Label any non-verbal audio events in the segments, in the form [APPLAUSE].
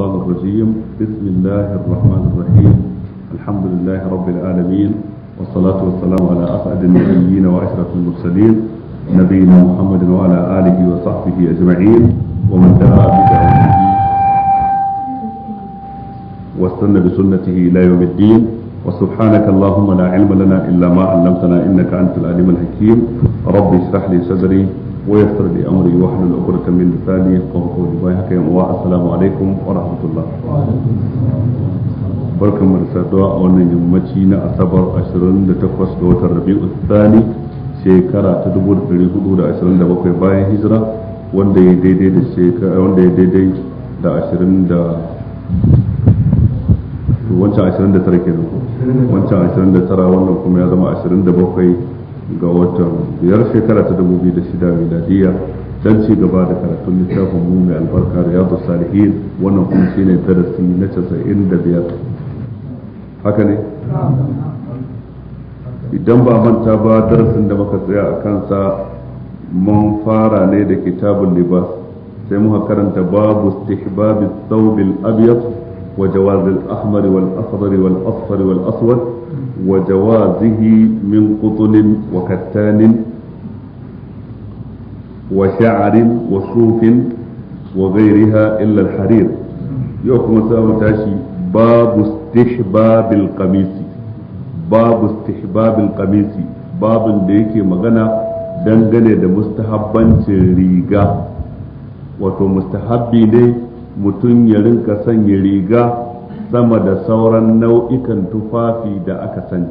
الشيطان الرجيم بسم الله الرحمن الرحيم الحمد لله رب العالمين والصلاة والسلام على أسعد النبيين وأشرف المرسلين نبينا محمد وعلى آله وصحبه أجمعين ومن دعا بدعوته واستنى بسنته إلى يوم الدين وسبحانك اللهم لا علم لنا إلا ما علمتنا إنك أنت العليم الحكيم رب اشرح لي صدري ويسر لي امري واحلل عقدة من لساني يفقهوا قولي باي حكى السلام عليكم ورحمة الله barkan mu da saduwa a wannan yammaci na asabar 28 ga watan rabi'u thani shekara ta 1427 bayan hijira wanda ya daidai da shekara wanda ya daidai da 20 da wancan 29 kenan wancan 29 wannan kuma ya zama 27 ga watan biyar shekara ta dubu biyu da shida miladiya dan ci gaba da karatun littafin mu mai albarka da yadu salihin wannan kuma shine darasi na casa'in biyar haka ne idan ba manta ba darasin da muka tsaya a kansa mun fara ne da kitabun libas sai muka karanta babu istihbabi thawbil abyad وجواز الأحمر والأخضر والأصفر والأسود وجوازه من قطن وكتان وشعر وصوف وغيرها إلا الحرير يوكم سامة تاشي باب استحباب القميص باب استحباب القميص باب ديكي مغنى dangane da mustahabbancin riga wato mustahabbi ne mutum ya rinka sanya riga sama da sauran nau'ikan tufafi da aka sani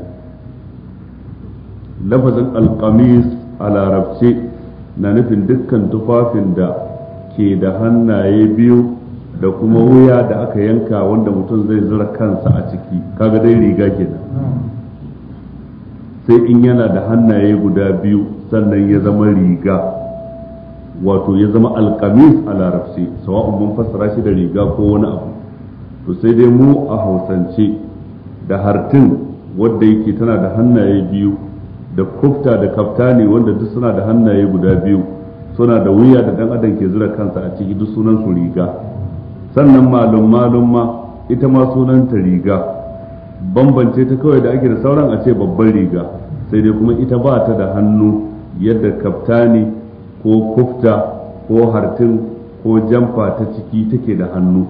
lafazin alkamis a larabce na nufin dukkan tufafin da ke da hannaye biyu da kuma wuya da aka yanka wanda mutum zai zura kansa a ciki kaga dai riga kenan sai in yana da hannaye guda biyu sannan ya zama riga wato ya zama alkamis a larabci sawa'un mun fassara shi da riga ko wani abu to sai dai mu a hausance da hartin wadda yake tana da hannaye biyu da kufta da ne wanda duk suna da hannaye guda biyu suna da wuya da dan adam ke zura kansa a ciki duk sunan su riga sannan malum malum ma ita ma sunanta riga bambance ta kawai da ake da sauran a ce babban riga sai dai kuma ita ba ta da hannu yadda kaftani ko kufta ko hartin ko jamfa ta ciki take da hannu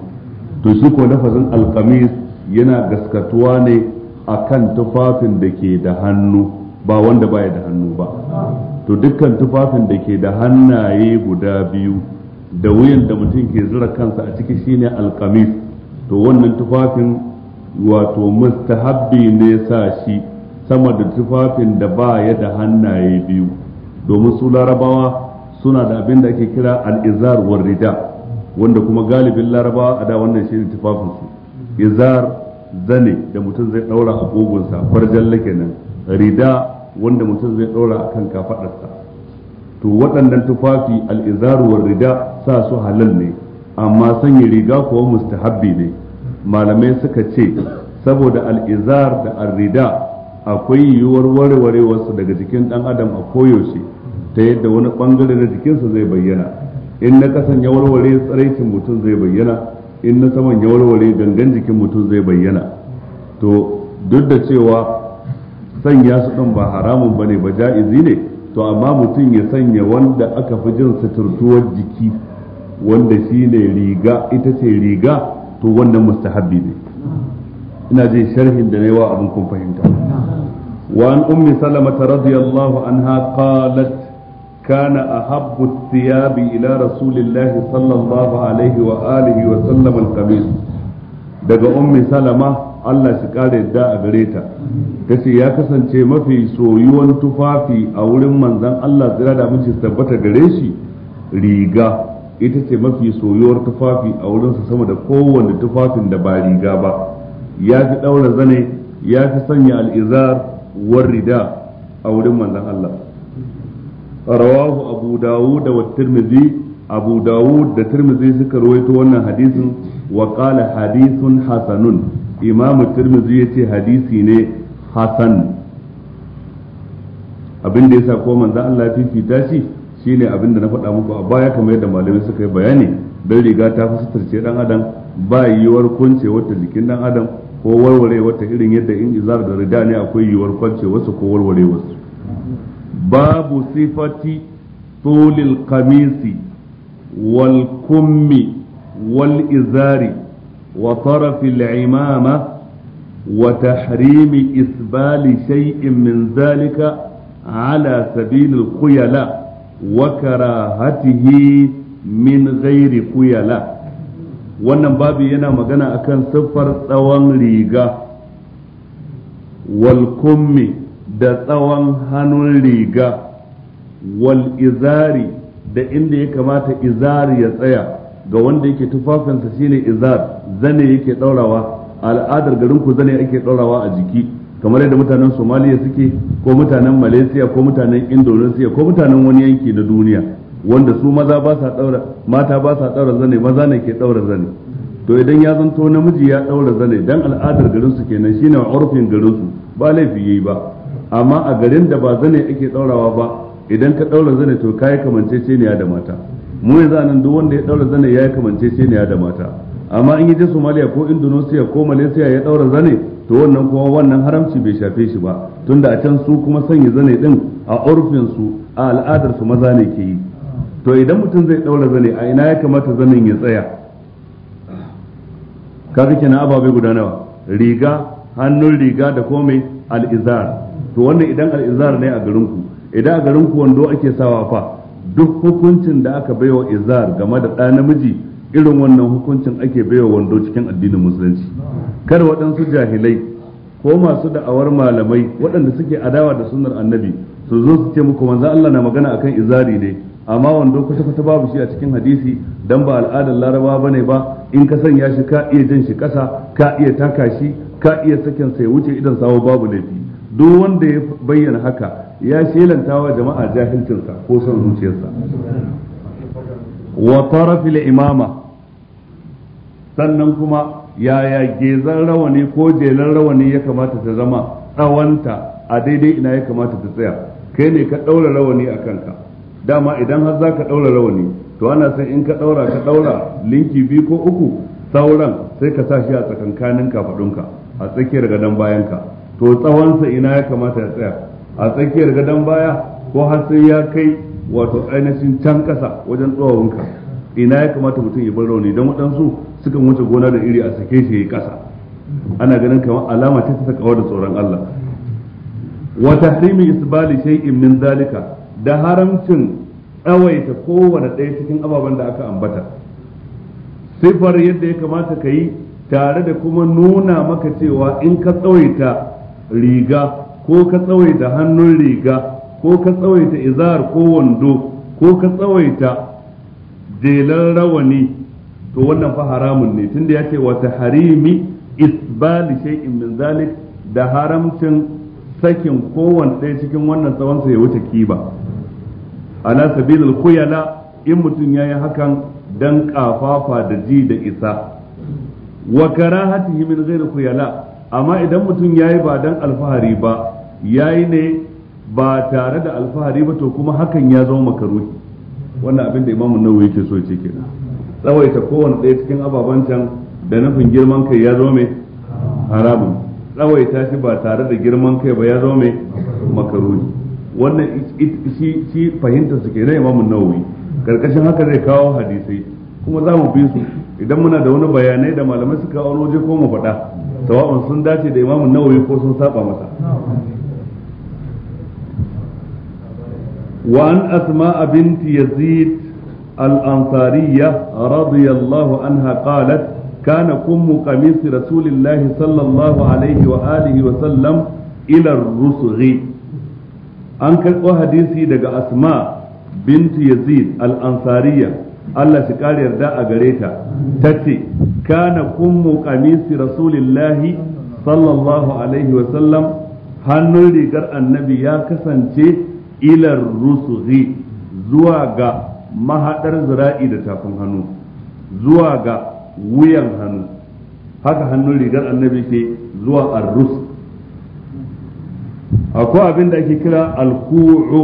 to shi ko lafazin alkamis yana gaskatuwa ne a kan tufafin da ke da hannu ba wanda baya da hannu ba to dukkan tufafin da ke da hannaye guda biyu da wuyan da mutum ke zura kansa a ciki shine alkamis to wannan tufafin wato mustahabbi ne sa shi sama da tufafin da baya da hannaye biyu domin su larabawa suna da abin da ake kira al'izar rida wanda kuma galibin laraba a da wannan shi tufafinsu izar zane da mutum zai ɗaura a gogonsa farjan lake nan rida wanda mutum zai ɗaura a kan kafaɗarsa. to waɗannan tufafi al'izar rida sa su halal ne amma sanya riga kuwa mustahabbi ne malamai suka ce saboda al'izar da al akwai yiwuwar warwarewarsu daga jikin ɗan adam a koyaushe ta yadda wani bangare na jikinsa zai bayyana in na kasan ya warware tsaraicin mutum zai bayyana in na saman ya warware gangan jikin mutum zai bayyana to duk da cewa sanya su ɗin ba haramun ba ne ba ja'izi ne to amma mutum ya sanya wanda aka fi jin suturtuwar jiki wanda shi ne riga ita ce riga to wannan mustahabbi ne ina jin sharhin da na wa abin kun fahimta an أم سلمة رضي radiyallahu anha qalat كان أحب الثياب إلى رسول الله صلى الله عليه وآله وسلم القميص daga ummi salama Allah shi kare yadda a gare ta tace ya kasance mafi soyuwan tufafi a wurin manzon Allah tsira da mace tabbata gare shi riga ita ce mafi soyuwar tufafi a wurinsa sama da kowane tufafin da ba riga ba ya fi daura zane ya fi sanya al'izar war rida a wurin manzon Allah رواه abu dawud wa tirmidhi abu dawud da tirmizi suka rawaito wannan hadisin wa qala hadithun hasanun imam tirmidhi yace hadisi ne hasan abin da yasa ko manzo Allah ya fifita shi shine abin da na faɗa muku a baya kamar yadda malamai suka yi bayani dan riga ta fi dan adam ba yiwuwar kunce wata jikin dan adam ko warware wata irin yadda in izar da rida ne akwai yiwuwar kunce wasu ko warware wasu babu sifati tulil qamisi wal kummi wal izari wa tarafi al-imama wa tahrimi isbali shay'in min zalika ala sabil al-khuyala wa karahatihi min ghairi khuyala wannan babu yana magana akan siffar tsawon riga wal da tsawon hannun riga wal izari da inda ya kamata izari ya tsaya ga wanda yake tufafinsa shine izar zane yake daurawa al'adar garin ku zane ake daurawa a jiki kamar yadda mutanen somaliya suke ko mutanen malaysia ko mutanen indonesia ko mutanen wani yanki na duniya wanda su maza ba sa daura mata ba sa daura zane maza ne ke daura zane to idan ya zanto namiji ya daura zane dan al'adar garin su kenan shine urfin garin su ba laifi yayi ba amma a garin da ba zane ake daurawa ba idan ka daura zane to kai ne da mata mu yanzu anan duk wanda ya daura zane ya ne da mata amma in yaje Somalia ko Indonesia ko Malaysia ya daura zane to wannan kuma wannan haramci bai shafe shi ba tunda a can su kuma sanya zane din a urfin su a al'adar su maza ne ke yi to idan mutum zai daura zane a ina ya kamata zanen ya tsaya kaga kenan ababe guda nawa riga hannun riga da komai Al'izar to wannan idan al'izar ne a garinku idan a garinku wando ake sawa fa duk hukuncin da aka baiwa izar game da ɗa namiji irin wannan hukuncin ake baiwa wando cikin addinin musulunci kar waɗansu jahilai ko masu da'awar malamai waɗanda suke adawa da sunnar annabi su zo su ce muku manzo Allah na magana akan izari ne amma wando kusa kusa babu shi a cikin hadisi dan ba al'adar laraba bane ba in ka sanya shi ka iya jin shi kasa ka iya taka shi ka iya sakin sai wuce idan sawo babu laifi duk wanda ya bayyana haka ya wa jama'a jahilcinsa ko son zuciyarsa wa tarafil imama sannan kuma yaya gezan rawani ko jelan rawani ya kamata ta zama tsawanta a daidai ina ya kamata ta tsaya kai ne ka ɗaura rawani a kanka dama idan har za ka ɗaura rawani to ana sai in ka ɗaura ka ɗaura linki biyu ko uku sauran sai ka sa shi a tsakankanin kafaɗunka a tsakiyar gadon bayan ka to tsawonsa ina ya kamata ya tsaya a tsakiyar gadon baya ko har sai ya kai wato ainihin can kasa wajen ka ina ya kamata mutum ya bar rauni don waɗansu sukan wuce gona da iri a sake shi ya kasa ana ganin kamar alama ce ta kawar da tsoron Allah wa tahrimi isbali shay'in min zalika da haramcin tsawaita kowane ɗaya cikin ababen da aka ambata sifar yadda ya kamata ka yi tare da kuma nuna maka cewa in ka tsawaita riga ko ka tsawaita hannun riga ko ka tsawaita izar ko wando ko ka tsawaita jelar rawani to wannan fa haramun ne tunda ya ce wata harimi isbali shay'in min zalik da haramcin sakin kowanne ɗaya cikin wannan tsawonsa ya wuce kiba ala sabilil khuyala in mutum yayi hakan dan kafafa da ji da isa wa karahatihi min ghairi khuyala amma idan mutum yayi ba dan alfahari ba yayi ne ba tare da alfahari ba to kuma hakan ya zama makaruhi wannan abin da imamu nawawi yake so ce kenan tsawaita kowane ɗaya cikin ababen can da nufin girman kai ya zama mai haramun tsawaita shi ba tare da girman kai ba ya zama mai makaruhi wannan shi fahimtar su kenan imamu nawawi karkashin haka zai kawo hadisai kuma za mu bi su idan muna da wani bayanai da malamai suka kawo waje ko mu faɗa sawa'un sun dace da imamun nawawi ko sun saba masa وعن أسماء بنت يزيد الأنصارية رضي الله عنها قالت كان كم قميص رسول الله صلى الله عليه وآله وسلم إلى الرسغ أنكر حديثي دقى أسماء بنت يزيد الأنصارية Allah shi kare yarda a gare ta tace kana ummu qamisi rasulillahi sallallahu alaihi wa sallam hannun rigar annabi ya kasance ilar rusuhi zuwa ga mahadar zira'i da tafin hannu zuwa ga wuyan hannu haka hannun rigar annabi ke zuwa arrus akwai abin da ake kira alku'u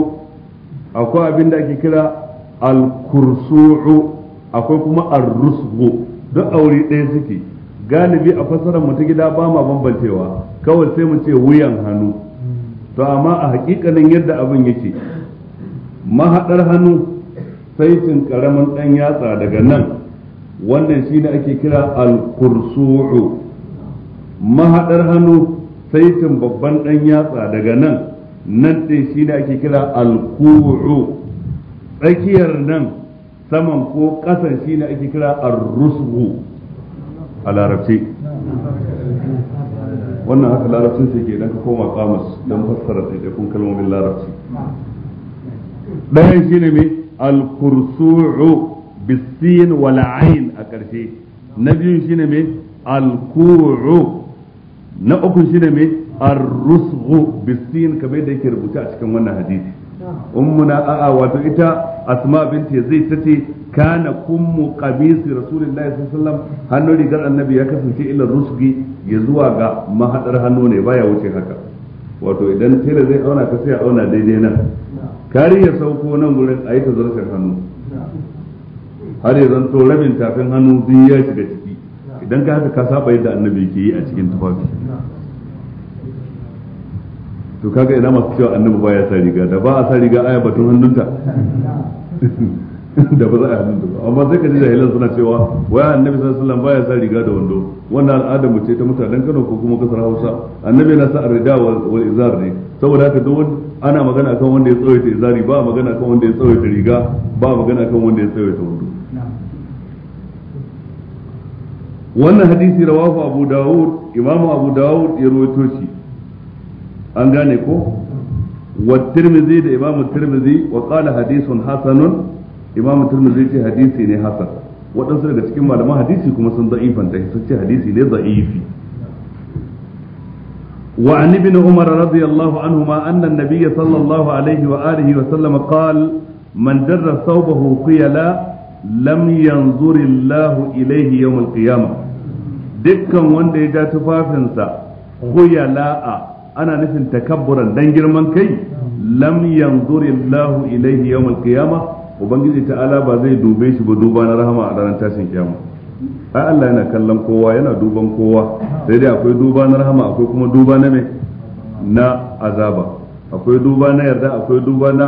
akwai abin da ake kira al-kursu'u akwai kuma ar-rusbu duk aure ɗaya suke galibi a fasarar mu ta gida ba ma bambancewa kawai sai mu ce wuyan hannu to amma a hakikanin yadda abin yake mahaɗar hannu saitin karamin ɗan yatsa daga nan wannan shine ake kira al-kursu'u mahaɗar hannu saitin babban ɗan yatsa daga nan nan ɗin shine ake kira al tsakiyar nan saman ko ƙasan shi ne ake kira a rusbu a larabci wannan haka larabcin sai ke dan ka koma kamus dan fassara kun kalmomin larabci ɗayan shine mai al-kursu'u bisin wal ain a ƙarshe na biyun shine mai al-ku'u na uku shine mai ar-rusghu bisin kamar da yake rubuta a cikin wannan hadisi ummuna a'a wato ita asma binti zai tace kana kunmu qabisi rasulullahi sallallahu alaihi wasallam hannun rigar annabi ya kasance illa rusugi ya zuwa ga mahadar hannu ne baya wuce haka wato idan tela zai auna ka sai auna daidai nan kari ya sauko nan gurin a yi ta zarcen hannu har yanzu zanto rabin tafin hannu duk ya shiga ciki idan ka haka ka saba yadda annabi ke yi a cikin tufafi to kaga ina masu cewa annabi baya sa riga da ba a sa riga aya batun hannunta [LAUGHS] da ba za a hannunta ba amma sai ka ji jahilan suna cewa waya annabi sallallahu alaihi wasallam baya sa riga da wando wannan al'ada mu ce ta mutanen Kano ko kuma kasar Hausa annabi yana sa rida wal izar ne saboda haka duk ana magana akan wanda ya tsawaita izari ba magana akan wanda ya tsawaita riga ba magana akan wanda ya tsawaita wando wannan hadisi rawahu abu dawud imamu abu dawud ya rawaito shi an gane ko wa tirmidhi da imamu tirmidhi wa qala hadithun hasanun imamu tirmidhi ce hadisi ne hasan waɗansu daga cikin malaman hadisi kuma sun da'ifanta sun ce hadisi ne da'ifi وعن ابن عمر ya الله عنهما أن النبي wa الله عليه وآله وسلم قال من جر ثوبه قيلا لم ينظر الله إليه يوم القيامة دكا وان دي جات فافنسا قيلاء ana nufin takabburan dan girman kai lam yanzur illahu ilaihi yawmal qiyamah ubangiji ta'ala ba zai dube shi ba duba na rahama a ranar tashin kiyama ai Allah yana kallon kowa yana duban kowa sai dai akwai duba na rahama akwai kuma duba na me na azaba akwai duba na yarda akwai duba na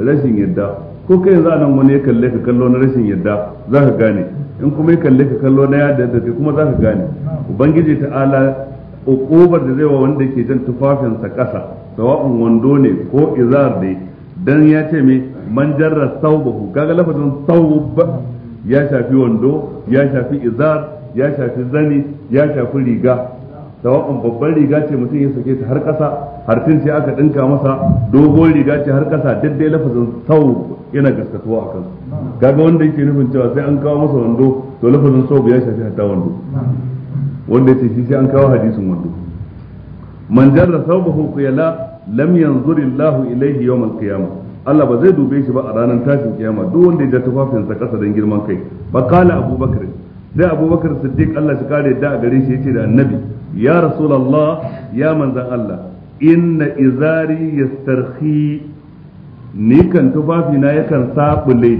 rashin yarda ko kai yanzu anan wani ya kalle ka kallo na rashin yarda za ka gane in kuma ya kalle ka kallo na yarda da kai kuma za ka gane ubangiji ta'ala ukubar da zai wa wanda ke jan tufafinsa ƙasa sawa'un wando ne ko izar ne dan ya ce me man jarra saubahu kaga lafazin saub ya shafi wando ya shafi izar ya shafi zani ya shafi riga sawa'un babban riga ce mutum ya sake ta har ƙasa tun sai aka ɗinka masa dogo riga ce har ƙasa daidai lafazin saub yana gaskatuwa a kansu kaga wanda yake nufin cewa sai an kawo masa wando to lafazin saub ya shafi hatta wando wanda ya ce shi sai an kawo hadisin wando man jarra sawbahu qiyala lam yanzur Allahu ilayhi yawm al-qiyamah Allah ba zai dube shi ba a ranar tashin kiyama duk wanda ya ja tufafinsa kasa don girman kai ba kala abubakar sai abubakar siddiq Allah shi kare da a gare shi ce da annabi ya rasulullah ya manzan Allah inna izari yastarhi ni kan tufafina yakan sabule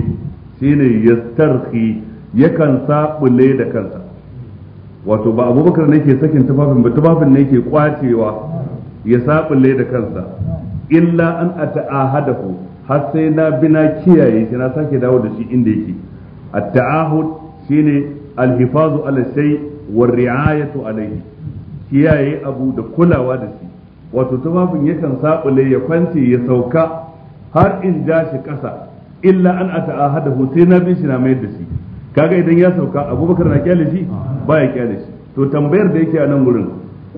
shine yastarhi yakan sabule da kansa wato ba abubakar ne ke sakin tufafin ba tufafin ne ke kwacewa ya sabulle da kansa illa an ata'ahadahu har sai na bina kiyaye shi na sake dawo da shi inda yake at-ta'ahud shine al-hifazu ala shay wa ri'ayatu alayhi kiyaye abu da kulawa da shi wato tufafin yakan sabulle ya kwance ya sauka har in ja shi ƙasa illa an ata'ahadahu sai na bi shi na mayar da shi kaga idan ya sauka abubakar na kyale shi ba ya kyale shi to tambayar da yake a nan gurin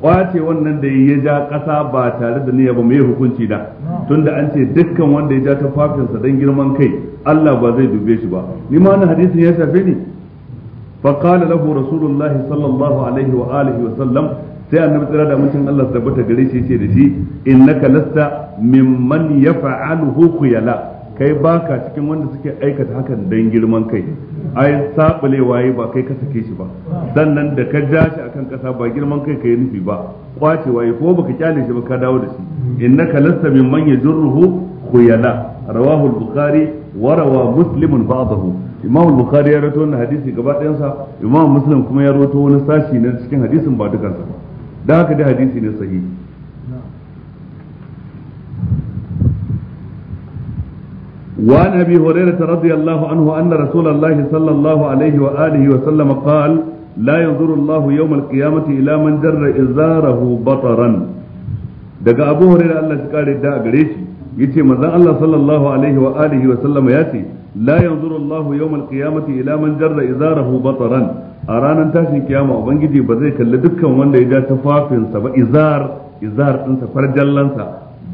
kwace wannan da ya ja kasa ba tare da niyya ba mai hukunci da tunda an ce dukkan wanda ya ja tafafinsa dan girman kai Allah ba zai dube shi ba ni ma wannan hadisin ya shafe ni fa qala lahu rasulullah sallallahu alaihi wa alihi wa sallam sai annabi tsira da mutum Allah tabbata gare shi yace da shi innaka lasta mimman yaf'aluhu khuyala kai baka cikin wanda suke aikata hakan dan girman kai ai sabule waye ba kai ka sake shi ba sannan da ka ja shi akan kasa ba girman kai kai nufi ba kwace waye ko baka kyale shi ba ka dawo da shi innaka lasta man yajruhu khuyala rawahu al-bukhari wa rawa muslim ba'dahu imam al-bukhari ya rawaito wannan hadisi gaba ɗayan sa imam muslim kuma ya rawaito wani sashi na cikin hadisin ba dukansa ba dan haka dai hadisi ne sahihi وعن ابي هريره رضي الله عنه ان رسول الله صلى الله عليه واله وسلم قال لا ينظر الله يوم القيامه الى من جر ازاره بطرا daga abu hurairah Allah ya kare da gare shi yace manzon Allah sallallahu alaihi wa alihi wa sallam ya ce la yanzuru Allah yawm al-qiyamati ila man jarra izarahu bataran a ranar tashin kiyama ubangiji ba zai kalli dukkan wanda ya ja tafafinsa ba izar izar din sa farjallansa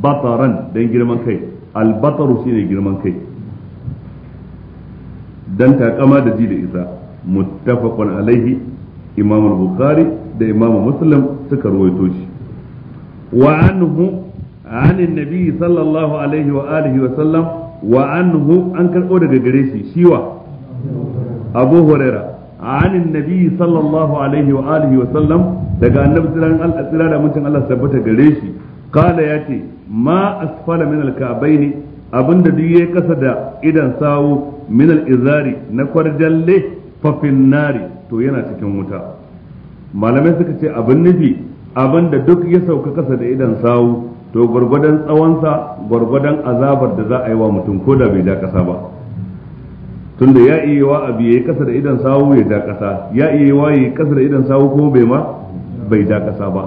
bataran dan girman kai albataru shine girman kai dan takama da ji da isa muttafaqun alaihi imam al-bukhari da imam muslim suka ruwaito shi wa anhu عن النبي صلى الله عليه وآله وسلم وعنه أنكر أورد قريشي شيوة أبو هريرة عن النبي صلى الله عليه وآله وسلم daga annabi tsiran Allah da mutum Allah tabbata gare shi kala ya ce ma asfala min alka'baini abinda duk yayi kasa da idan sawu min al-izari na kwarjalle fa nari to yana cikin wuta malamai suka ce abin nufi abinda duk ya sauka kasa da idan sawu to gwargwadon tsawonsa gwargwadon azabar da za a yi wa mutum ko da bai da kasa ba tunda ya iya wa abu yayi kasa da idan sawu ya da kasa ya iya wa yi kasa da idan sawu ko bai ma bai da kasa ba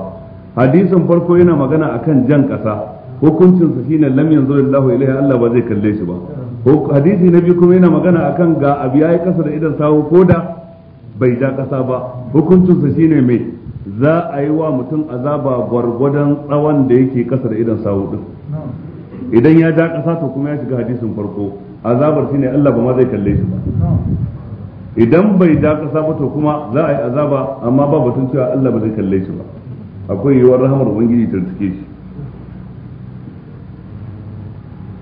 hadisin farko yana magana akan jan kasa hukuncin su shine lam yanzurullahu ilaihi Allah ba zai kalle shi ba ko hadisi na biyu kuma yana magana akan ga abu yayi kasa da idan sawo ko da bai ja kasa ba hukuncin su shine mai za a yi wa mutum azaba gwargwadon tsawon da yake kasa da idan sawo din idan ya ja kasa to kuma ya shiga hadisin farko azabar shine Allah ba ma zai kalle shi ba idan bai ja kasa ba to kuma za a yi azaba amma ba batun cewa Allah ba zai kalle shi ba akwai yiwuwar rahamar ubangiji ta rike shi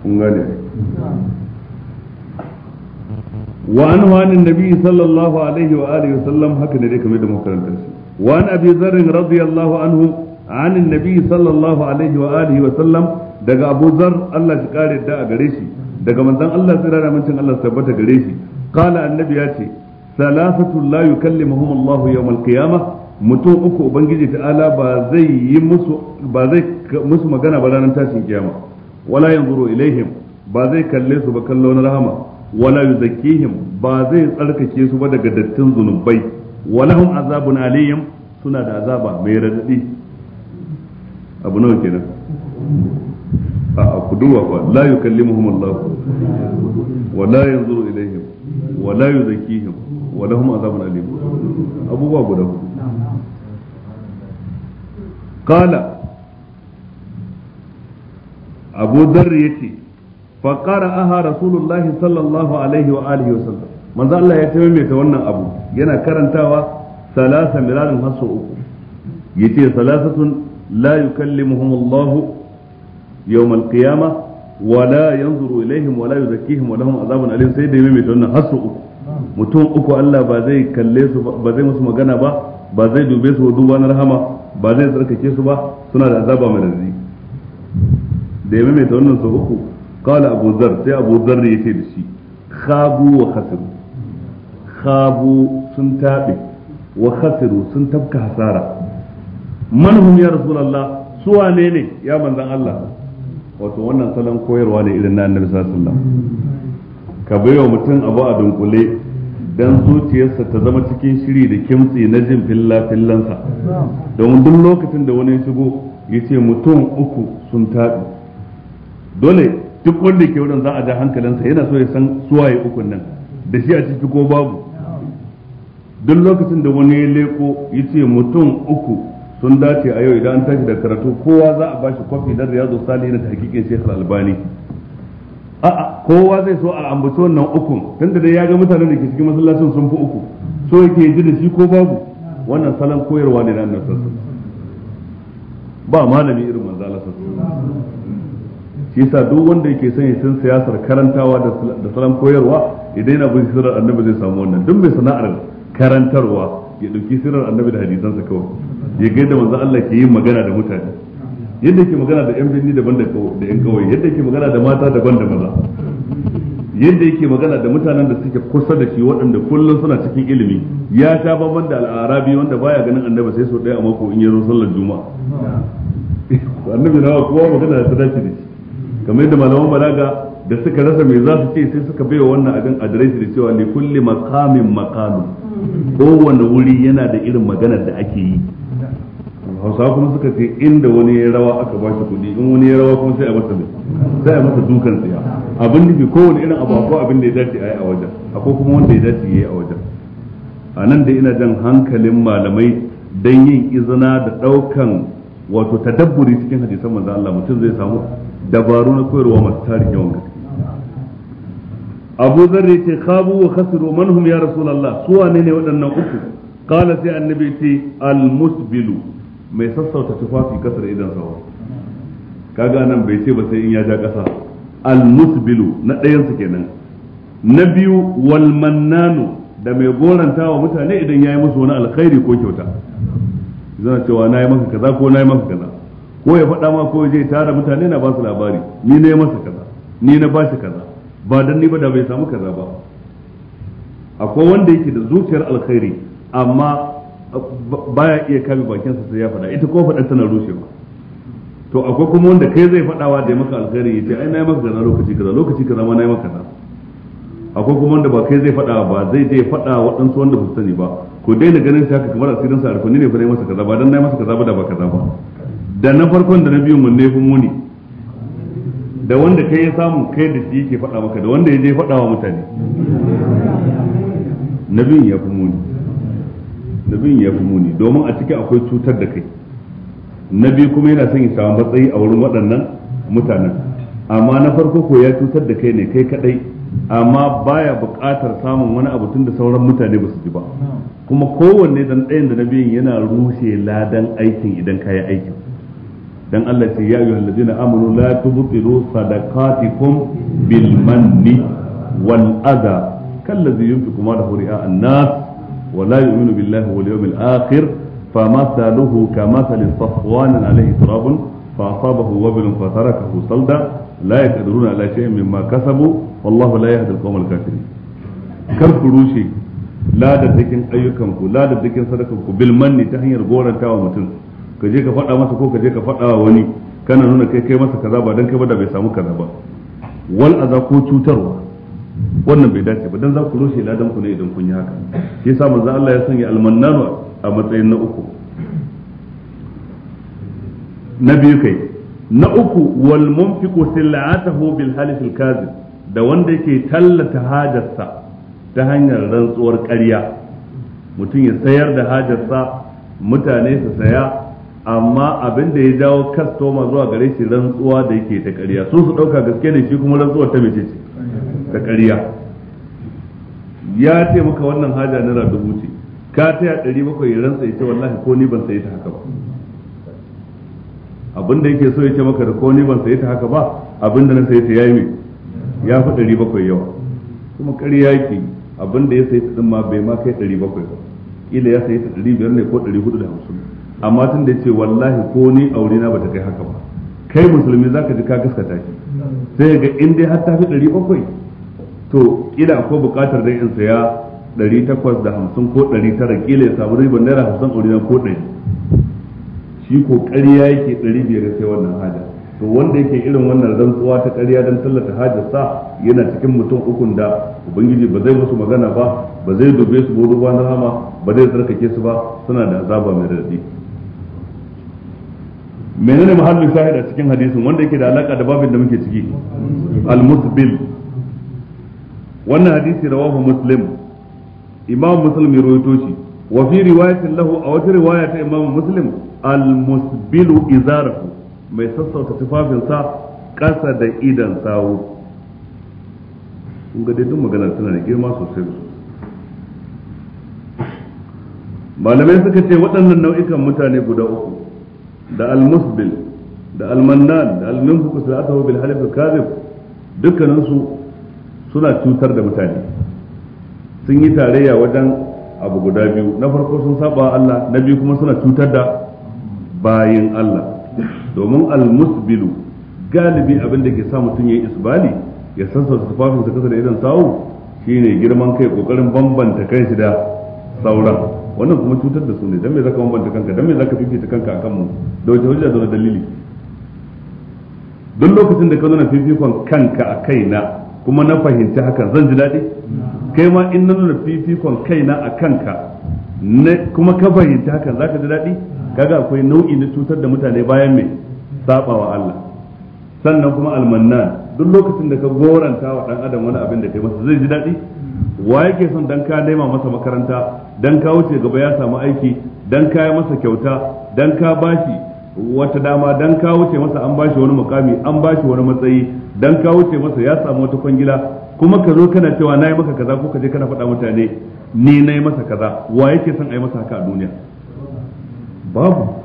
kun gane wa an wa an nabi sallallahu alaihi wa alihi wasallam haka ne dai kamar da makaranta shi wa an abi zarr radiyallahu anhu an nabi sallallahu alaihi wa alihi wasallam daga abu zar Allah shi kare da a gare shi daga manzon Allah tsira da mancin Allah tabbata gare shi qala annabi ya ce salasatu la yukallimuhum Allah yawm al-qiyamah mutum uku ubangiji ta'ala ba zai yi musu ba zai musu magana ba ranar tashin kiyama wala yanzuru ilaihim ba zai kalle su ba kallo na rahama wala yuzakkihim ba zai tsarkake su ba daga dattin zunubai walahum azabun aliyim suna da azaba mai radadi abu nawa kenan a kuduwa ba. la yukallimuhum Allah wala yanzuru ilaihim wala yuzakkihim walahum azabun Abu abubuwa guda قال abu ya ce, fa aha rasulullahi sallallahu alaihi wa alihi wa sallam manzo Allah ya taimaita wannan abu yana karantawa salasa mirarin hasu uku yace salasatun la yukallimuhum Allah yawm al-qiyamah wa la yanzuru ilaihim wa la yuzakkihim wa lahum azabun alim sai da maimaita wannan hasu uku mutum uku Allah ba zai kalle su ba zai musu magana ba ba zai dube su duba na rahama ba zai tsarkake su ba suna da azaba mai razi da ya maimaita wannan sau uku kawai abu zar sai abu zar ya ce da shi khabu wa khasiru khabu sun taɓe wa khasiru sun tafka hasara manhum ya rasulullah su wane ne ya manzan Allah wato wannan salon koyarwa ne irin na annabi sallallahu alaihi ka baiwa mutum abu a dunkule dan zuciyarsa ta zama cikin shiri da kimtsi na jin filla fillansa domin duk lokacin da wani shigo ya ce mutum uku sun taɗi dole duk wanda ke wurin za a ja hankalinsa yana so ya san suwaye ukun nan da shi a ciki ko babu duk lokacin da wani ya leko ya ce mutum uku sun dace a yau idan an tashi da karatu kowa za a bashi kwafi na ya zo sali na tahakikin shekar albani a'a kowa zai so a ambaci wannan ukun tun da ya ga mutanen da ke cikin masallacin sun fi uku so yake ji da shi ko babu wannan salon koyarwa ne na annabi ba malami shi yasa duk wanda yake son yin siyasar karantawa da salam koyarwa idan yana bin sirar annabi zai samu wannan duk mai sana'ar karantarwa ya dauki sirar annabi da sa kawai ya ga yadda manzo Allah ke yin magana da mutane yadda yake magana da yan binni daban da da yan kawai yadda yake magana da mata daban da maza yadda yake magana da mutanen da suke kusa da shi waɗanda kullum suna cikin ilimi ya ta bamban da al'arabi wanda baya ganin annabi sai so ɗaya a mako in ya zo sallar juma'a annabi na kowa magana da ta dace da shi kamar yadda malaman balaga da suka rasa mai za su ce sai suka wa wannan abin adireshi da cewa ne kulli makamin makalu kowane wuri yana da irin maganar da ake yi hausawa kuma suka ce inda wani ya rawa aka ba shi kuɗi in wani ya rawa kuma sai a masa mai sai a masa dukan tsaya abin da ke kowane irin abu akwai abin da ya dace a yi a wajen ko kuma wanda ya dace ya yi a wajen a nan da ina jan hankalin malamai don yin izina da ɗaukan wato tadabburi cikin hadisan manzo Allah mutum zai samu dabaru na koyarwa masu tarin yawan gaske abu zan ce khabu wa khasiru manhum ya rasulullah su wane ne waɗannan uku Kala sai annabi ce al musbilu mai sassauta tufafi kasar idan sawa kaga nan bai ce ba sai in ya ja ƙasa. al musbilu na ɗayan su kenan na biyu walmannanu da mai goranta wa mutane idan ya yi musu wani alkhairi ko kyauta zan cewa na yi maka kaza ko na yi maka kaza ko ya faɗa ma ko zai tara mutane na ba su labari ni na yi masa kaza ni na ba shi kaza ba dan ni ba da bai samu kaza ba akwai wanda yake da zuciyar alkhairi amma baya iya kame bakinsa sai ya faɗa ita ko faɗan tana rushewa to akwai kuma wanda kai zai faɗawa da ya maka alkhairi ya ce ai na yi maka kaza lokaci kaza lokaci kaza ma na yi maka kaza akwai kuma wanda ba kai zai faɗa ba zai je faɗa waɗansu wanda ba su sani ba ko daina ganin shi haka kamar asirin sa alkuni ne fa na yi masa kaza ba dan na yi masa kaza ba da ba kaza ba da na farkon da na biyun mun ya fi muni da wanda kai ya samu kai da shi yake faɗa maka da wanda ya je faɗa wa mutane na biyun ya fi muni na biyun ya fi muni domin a ciki akwai cutar da kai na biyu kuma yana son ya samu matsayi a wurin waɗannan mutanen amma na farko ko ya cutar da kai ne kai kaɗai. amma baya buƙatar samun wani abu tun da sauran mutane ba su ji ba kuma kowanne dan ɗayan da na biyun yana rushe ladan aikin idan yi aikin dan Allah ce ya ayyuhal ladina amanu la tubtilu sadaqatikum bil manni wal adha kal ladzi yunfiqu ma lahu ri'a an-nas wa la yu'minu billahi wal yawmil akhir famathaluhu kamathal safwan alayhi turabun fa'asabahu wabilun fatarakahu salda la yaqdiruna ala shay'in mimma kasabu wallahu la yahdi al-qawm al-kafirin kar ku rushe ladadakin ayyukanku ladadakin sadakanku bil manni ta hanyar gorantawa mutum ka je ka faɗa masa ko ka je ka faɗa wa wani kana nuna kai kai masa kaza ba dan kai ba da bai samu kaza ba wal aza ko cutarwa wannan bai dace ba dan za ku rushe ladan ku ne idan kun yi haka shi yasa manzo Allah ya sanya almannanu a matsayin na uku na biyu kai na uku wal munfiqu silatahu bil halif al kazib da wanda yake tallata hajarsa ta hanyar rantsuwar ƙarya mutum ya sayar da hajarsa mutane su saya amma abin da ya jawo kastoma zuwa gare shi rantsuwa da yake ta ƙarya su su ɗauka gaske ne shi kuma rantsuwa ta mace ce ta ƙarya ya ce maka wannan haja naira dubu ce ka taya ɗari bakwai ya rantsa ya ce wallahi ko ni ban sayi ta haka ba abin da yake so ya ce maka da ko ni ban sayi ta haka ba abin da na sayi ta yayi ya fi ɗari bakwai yawa kuma ƙarya yake abin da ya sayi ta ɗin ma bai ma kai ɗari bakwai ba kila ya sayi ta ɗari biyar ne ko ɗari hudu da hamsin amma tun da ce wallahi ko ni aure na bata kai haka ba kai musulmi zaka ji ka gaskata shi sai ga in dai har ta fi 700 to kila akwai bukatar dai in saya 850 ko 900 kila ya samu ribar naira 50 aure na ko 100 shi ko ƙarya yake 500 sai wannan haja to wanda yake irin wannan rantsuwa ta ƙarya don tallata sa yana cikin mutum ukun da ubangiji ba zai musu magana ba ba zai dube su ba ruwa na hama ba zai tsarkake su ba suna da azaba mai radadi menene muhallin shahid a cikin hadisin wanda yake da alaka da babin da muke ciki al-musbil wannan hadisi rawahu muslim imam muslim ya rawaito shi wa fi riwayatin lahu a wata riwaya ta imam muslim al-musbilu izarahu mai sassauta tufafinsa kasa da idan sawo kun ga dai duk magana tana da girma sosai malamai suka ce waɗannan nau'ikan mutane guda uku da almusbil da al da al-munfiq salatuhu bil halif al-kadhib dukkanin su suna cutar da mutane sun yi tarayya wajen abu guda biyu na farko sun saba Allah na biyu kuma suna cutar da bayin Allah domin almusbilu galibi abin da ke sa mutum yayi isbali ya san sa tufafin sa kasa da idan sawu shine girman kai kokarin bambanta kai shi da sauran wannan kuma cutar da su ne dan me zaka bambanta kanka dan me zaka fifita kanka akan mu da wata hujja da dalili don lokacin da ka nuna fifikon kanka a kaina kuma na fahimci hakan zan ji daɗi kai ma in na nuna fifikon kaina a kanka kuma ka fahimci hakan za ka ji daɗi kaga akwai nau'i na cutar da mutane bayan mai wa Allah sannan kuma almannan duk lokacin da ka goranta wa ɗan adam wani abin da kai masa zai ji daɗi wa yake son dan ka nema masa makaranta dan ka wuce gaba ya samu aiki dan ka yi masa kyauta dan ka bashi wata dama dan ka wuce masa an bashi wani mukami an bashi wani matsayi dan ka wuce masa ya samu wata kwangila kuma ka zo kana cewa na yi maka kaza ko ka je kana faɗa mutane ni na yi masa kaza wa yake son a yi masa haka a duniya babu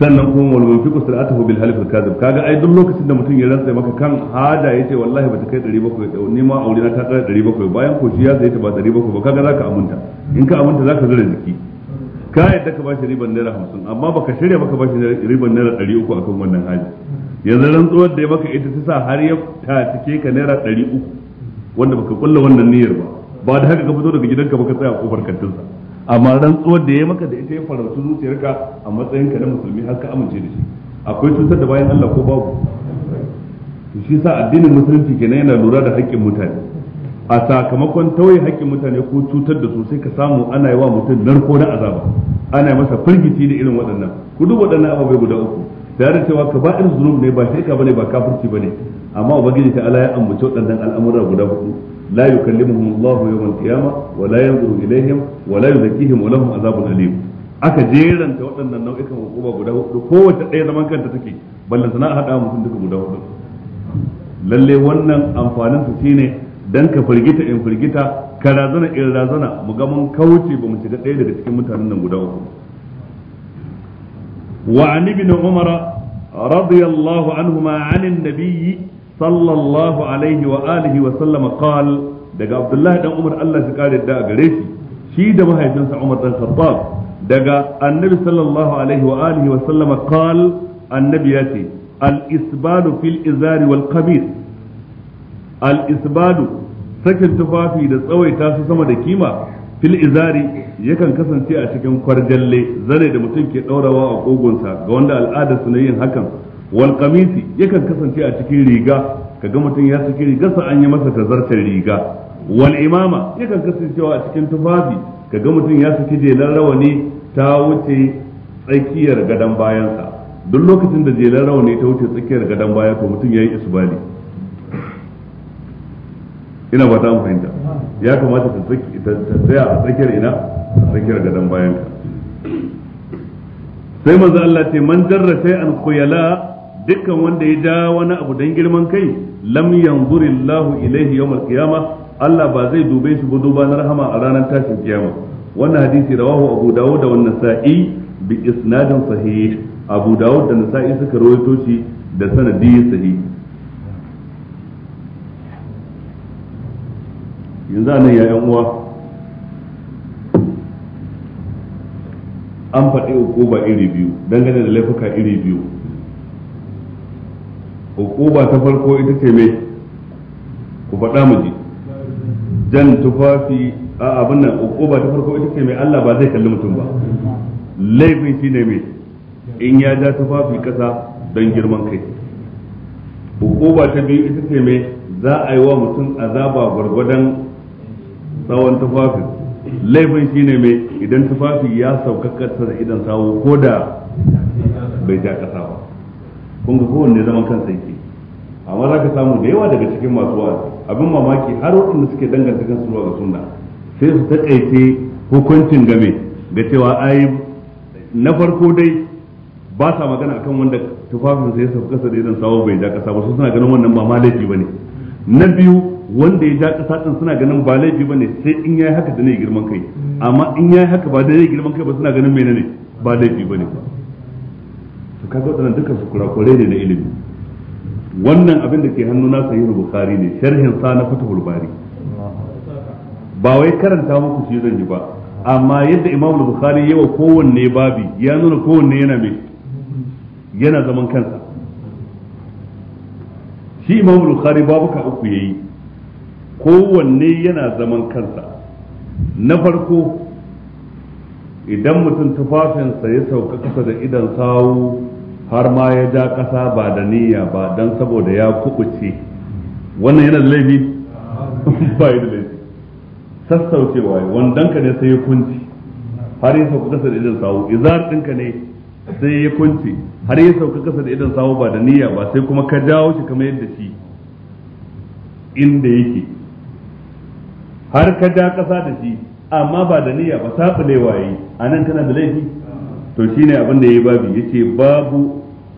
sannan kuma wal munfiqu sir'atuhu bil halif al kadhib kaga ai duk lokacin da mutum ya rantsa maka kan hada yace wallahi bata kai 700 da ni ma aure na ta kai 700 bayan ko shi ya sai ta ba 700 ba kaga zaka amunta in ka amunta zaka zura jiki ka yadda ka bashi riban naira 50 amma baka shirya maka bashi riban naira 300 akan wannan hali yanzu rantsuwar da ya maka ita ta sa har ya ta cike ka naira 300 wanda baka kulla wannan niyyar ba ba da haka ka fito daga gidanka baka tsaya kofar kantinsa amma rantsuwar da ya maka da ita ya farautu ka a matsayinka na musulmi har ka amince da shi akwai cutar da bayan Allah ko babu to shi sa addinin musulunci kenan yana lura da haƙƙin mutane a sakamakon tauye haƙƙin mutane ko cutar da su sai ka samu ana yi wa mutum narko na azaba ana masa firgici da irin waɗannan ku duk waɗannan ababai guda uku tare da cewa ka ba irin zunub ne ba shirka bane ba kafirci bane amma ubangiji ta ala ya ambaci waɗannan al'amurra guda hudu لا يكلمهم الله يوم القيامة ولا ينظر إليهم ولا يزكيهم ولهم عذاب أليم aka jeranta waɗannan nau'ikan hukuma guda hudu kowace ɗaya zaman kanta take ballan sana haɗa mutum duka guda hudu lalle wannan amfanin su shine dan ka firgita in firgita ka razana in razana mu ga mun kauce ba mu shiga ɗaya daga cikin mutanen nan guda uku wa an ibn umara radiyallahu anhuma anin nabiyyi sallallahu alaihi wa alihi wa sallama qal daga abdullahi dan umar Allah ya kare da gare shi shi da mahaifinsa umar dan khattab daga annabi sallallahu alaihi wa wa sallama qal annabi ya ce al isbadu fil izari al isbadu sakin tufafi da tsawaita su sama da kima fil'izari, izari yakan kasance a cikin kwarjalle zane da mutum ke ɗaurawa a kogonsa ga wanda al'adar na yin hakan wal kamisi yakan kasance a cikin riga kaga mutum ya saki rigarsa an yi masa tazartar riga wal imama yakan kasancewa a cikin tufafi kaga mutum ya saki jelar rawani ta wuce tsakiyar gadon bayansa duk lokacin da jelar rawani ta wuce tsakiyar gadon bayan to mutum ya yi isbali ina ba ta fahimta ya kamata ta tsaya a tsakiyar ina a tsakiyar gadon bayanka sai manzo Allah ce man jarra sai an khuyala dukkan wanda ya ja wani abu don girman kai lam Allahu ilaihi yawmal qiyamah Allah ba zai dube shi ba duba na rahama a ranar tashin kiyama wannan hadisi rawahu Abu Dawud da nasa'i bi isnadin sahih Abu Dawud da Nasa'i suka rawaito shi da sanadi sahih yanzu anan ya yan uwa an faɗi uku ba iri biyu dangane da laifuka iri biyu hukuba ta farko ita ce mai ku faɗa mu ji jan tufafi a abin nan hukuba ta farko ita ce mai Allah ba zai kalli mutum ba laifin shi ne mai in ya ja tufafi kasa don girman kai hukuba ta biyu ita ce mai za a yi wa mutum azaba gwargwadon tsawon tufafin laifin shi ne mai idan tufafi ya sauka kasa da idan sawo ko da bai ja kasa ba kun ga kowanne zaman kansa yake amma za ka samu da yawa daga cikin masu wa abin mamaki har waɗanda suke danganta kan zuwa ga sunna sai su taƙaice hukuncin game da cewa ai na farko dai ba sa magana akan wanda tufafin sai sauka kasa da idan sawo bai ja kasa ba su suna ganin wannan ba ma laifi bane na biyu wanda ya ja kasa din suna ganin ba laifi bane sai in yayi haka da ne girman kai amma in yayi haka ba da ne girman kai ba suna ganin menene ba laifi bane ba to kaga wadannan dukkan su kurakure ne na ilimi wannan abin da ke hannu na sahihu bukhari ne sharhin sa na fatahul bari ba wai karanta muku shi zan yi ba amma yadda imam bukhari yawa kowanne babi ya nuna kowanne yana mai yana zaman kansa shi imam bukhari babuka uku yayi kowanne yana zaman kansa na farko idan mutum tufafinsa ya sauka kasa da idan sawu har ma ya ja ƙasa ba da niyya ba don saboda ya kubuce wannan yana da laifi [LAUGHS] ba da laifi sassaucewa wandonka ne sai ya kunci har ya sauka kasa da idan sawu izar ɗinka ne sai ya kunci har ya sauka kasa da idan sawu ba da niyya ba sai kuma ka jawo shi kamar yadda shi inda yake har ka ja ƙasa da shi amma ba da niyya ba saɓulewa yi a nan kana da laifi to shi ne abin da ya yi babu ya ce babu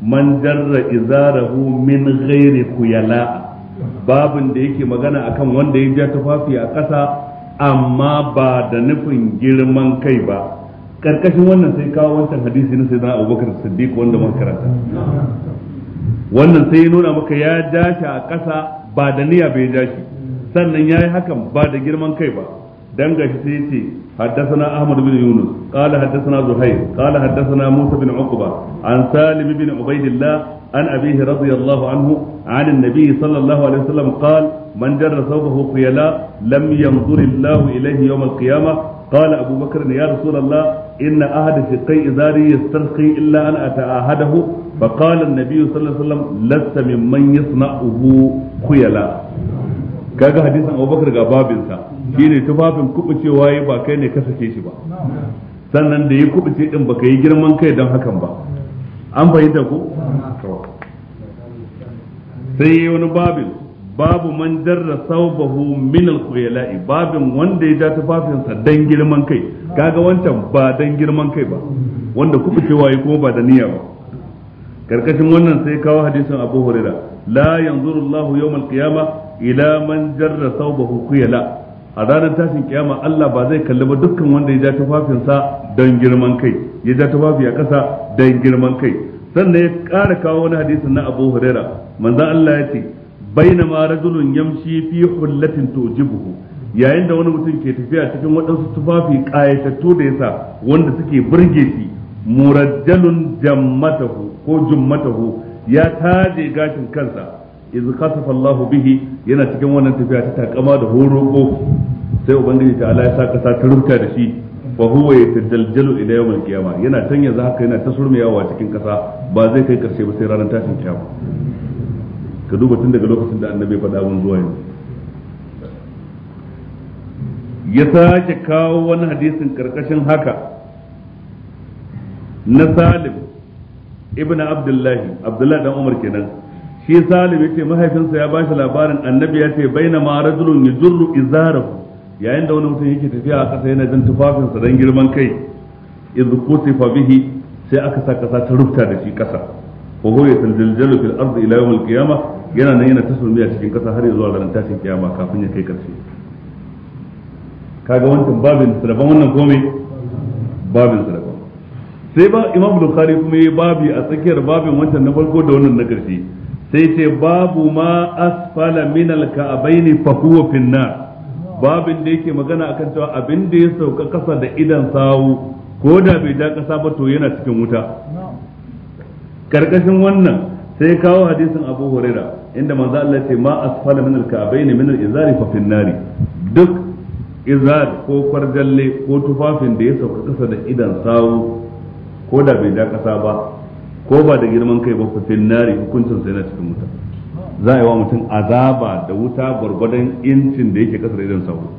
man darra izarahu min ghairi kuyala babin da yake magana akan wanda ya ja tufafi a ƙasa amma ba da nufin girman kai ba karkashin wannan sai kawo wancan hadisi na sayyidina Abubakar Siddiq wanda muka karanta wannan sai ya nuna maka ya shi a ƙasa ba da niyya bai shi sannan ya yi hakan ba da girman kai ba dan gashi sai yace حدثنا احمد بن يونس قال حدثنا زهير قال حدثنا موسى بن عقبه عن سالم بن عبيد الله عن ابيه رضي الله عنه عن النبي صلى الله عليه وسلم قال من جر ثوبه خيلاء لم ينظر الله اليه يوم القيامه قال ابو بكر يا رسول الله ان احد شقي ازاري يسترقي الا ان اتعاهده فقال النبي صلى الله عليه وسلم لست ممن يصنعه خيلاء kaga hadisin abubakar ga babinsa shine tufafin kubucewa ya ba kai ne kasace shi ba sannan da ya kubuce din baka yi girman kai don hakan ba an fahimta ko sai yi wani babin babu man jarra saubahu min al babin wanda ya ja tufafinsa dan girman kai kaga wancan ba dan girman kai ba wanda kubucewa ya kuma ba da niyya ba karkashin wannan sai kawo hadisin Abu Hurairah la yanzurullahu Allahu yawmal qiyamah ila man jarra saubahu khuyala a ranar tashin kiyama Allah ba zai kalli ba dukkan wanda ya ja tufafinsa don girman kai ya ja tufafi a ƙasa don girman kai sannan ya ƙara kawo wani hadisin na Abu Huraira manzon Allah ya ce ma rajulun yamshi fi hullatin tujibuhu yayin da wani mutum ke tafiya cikin wadansu tufafi ƙayatattu da yasa wanda suke burge shi murajjalun jammatahu ko jummatahu ya taje gashin kansa iz khasafa Allahu bihi yana cikin wannan tafiya ta takama da horoko sai ubangiji ta Allah ya sa kasa ta rubuta da shi fa huwa yatajaljalu ila yawm al-qiyamah yana tan yanzu haka yana ta surmiyawa cikin kasa ba zai kai karshe ba sai ranar tashin kiyama ka duba tun daga lokacin da annabi ya faɗa mun zuwa yanzu ya sake kawo wani hadisin karkashin haka na salim ibn abdullahi abdullahi dan umar kenan shi salim yace mahaifinsa ya bashi labarin annabi ya ce baina ma rajulun yajurru izarahu yayin da wani mutum yake tafiya a ƙasa yana jin tufafinsa dan girman kai idh kutifa bihi sai aka sa kasa ta rufta da shi ƙasa wa huwa yatanjaljalu fil ard ila yawm al qiyamah yana nan yana tasumiya cikin ƙasa har zuwa ranar tashin kiyama kafin ya kai ƙarshe kaga wancan babin saraban wannan komai babin saraban sai ba imam bukhari kuma yayi babi a tsakiyar babin wancan na farko da wannan na karshe sai ce babu ma asfala min alka'abaini fa huwa finna, babin da yake magana akan cewa abin da ya sauka kasa da idan sawu ko da bai ja kasa ba to yana cikin wuta karkashin wannan sai kawo hadisin Abu Huraira inda manzo Allah ce ma asfala min alka'abaini min alizari fa finnari duk izar ko kwarjalle ko tufafin da ya sauka kasa da idan sawu ko da bai ja kasa ba ko ba da girman kai ba fa nari hukuncin sai na cikin wuta za a yi wa mutum azaba da wuta gwargwadon incin da yake kasar idan sauro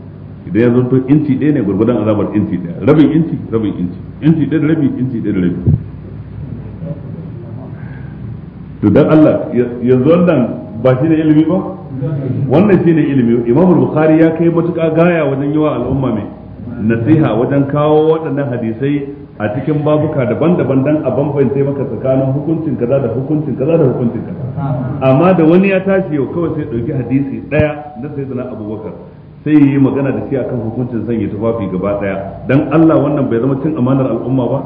idan ya zanto inci ɗaya ne gwargwadon azabar inci ɗaya rabin inci rabin inci inci ɗaya da rabi inci ɗaya da rabi to dan Allah yanzu wannan ba shi ne ilimi ba wannan shi ne ilimi imam bukhari ya kai matuƙa gaya wajen yi wa al'umma mai nasiha wajen kawo waɗannan hadisai a cikin babuka daban-daban dan a bambance maka tsakanin hukuncin kaza da hukuncin kaza da hukuncin kaza amma da wani ya tashi yau kawai sai dauki hadisi daya na sayyidina abubakar sai yi magana da shi akan hukuncin sanya tufafi gaba daya dan Allah wannan bai zama cin amanar al'umma ba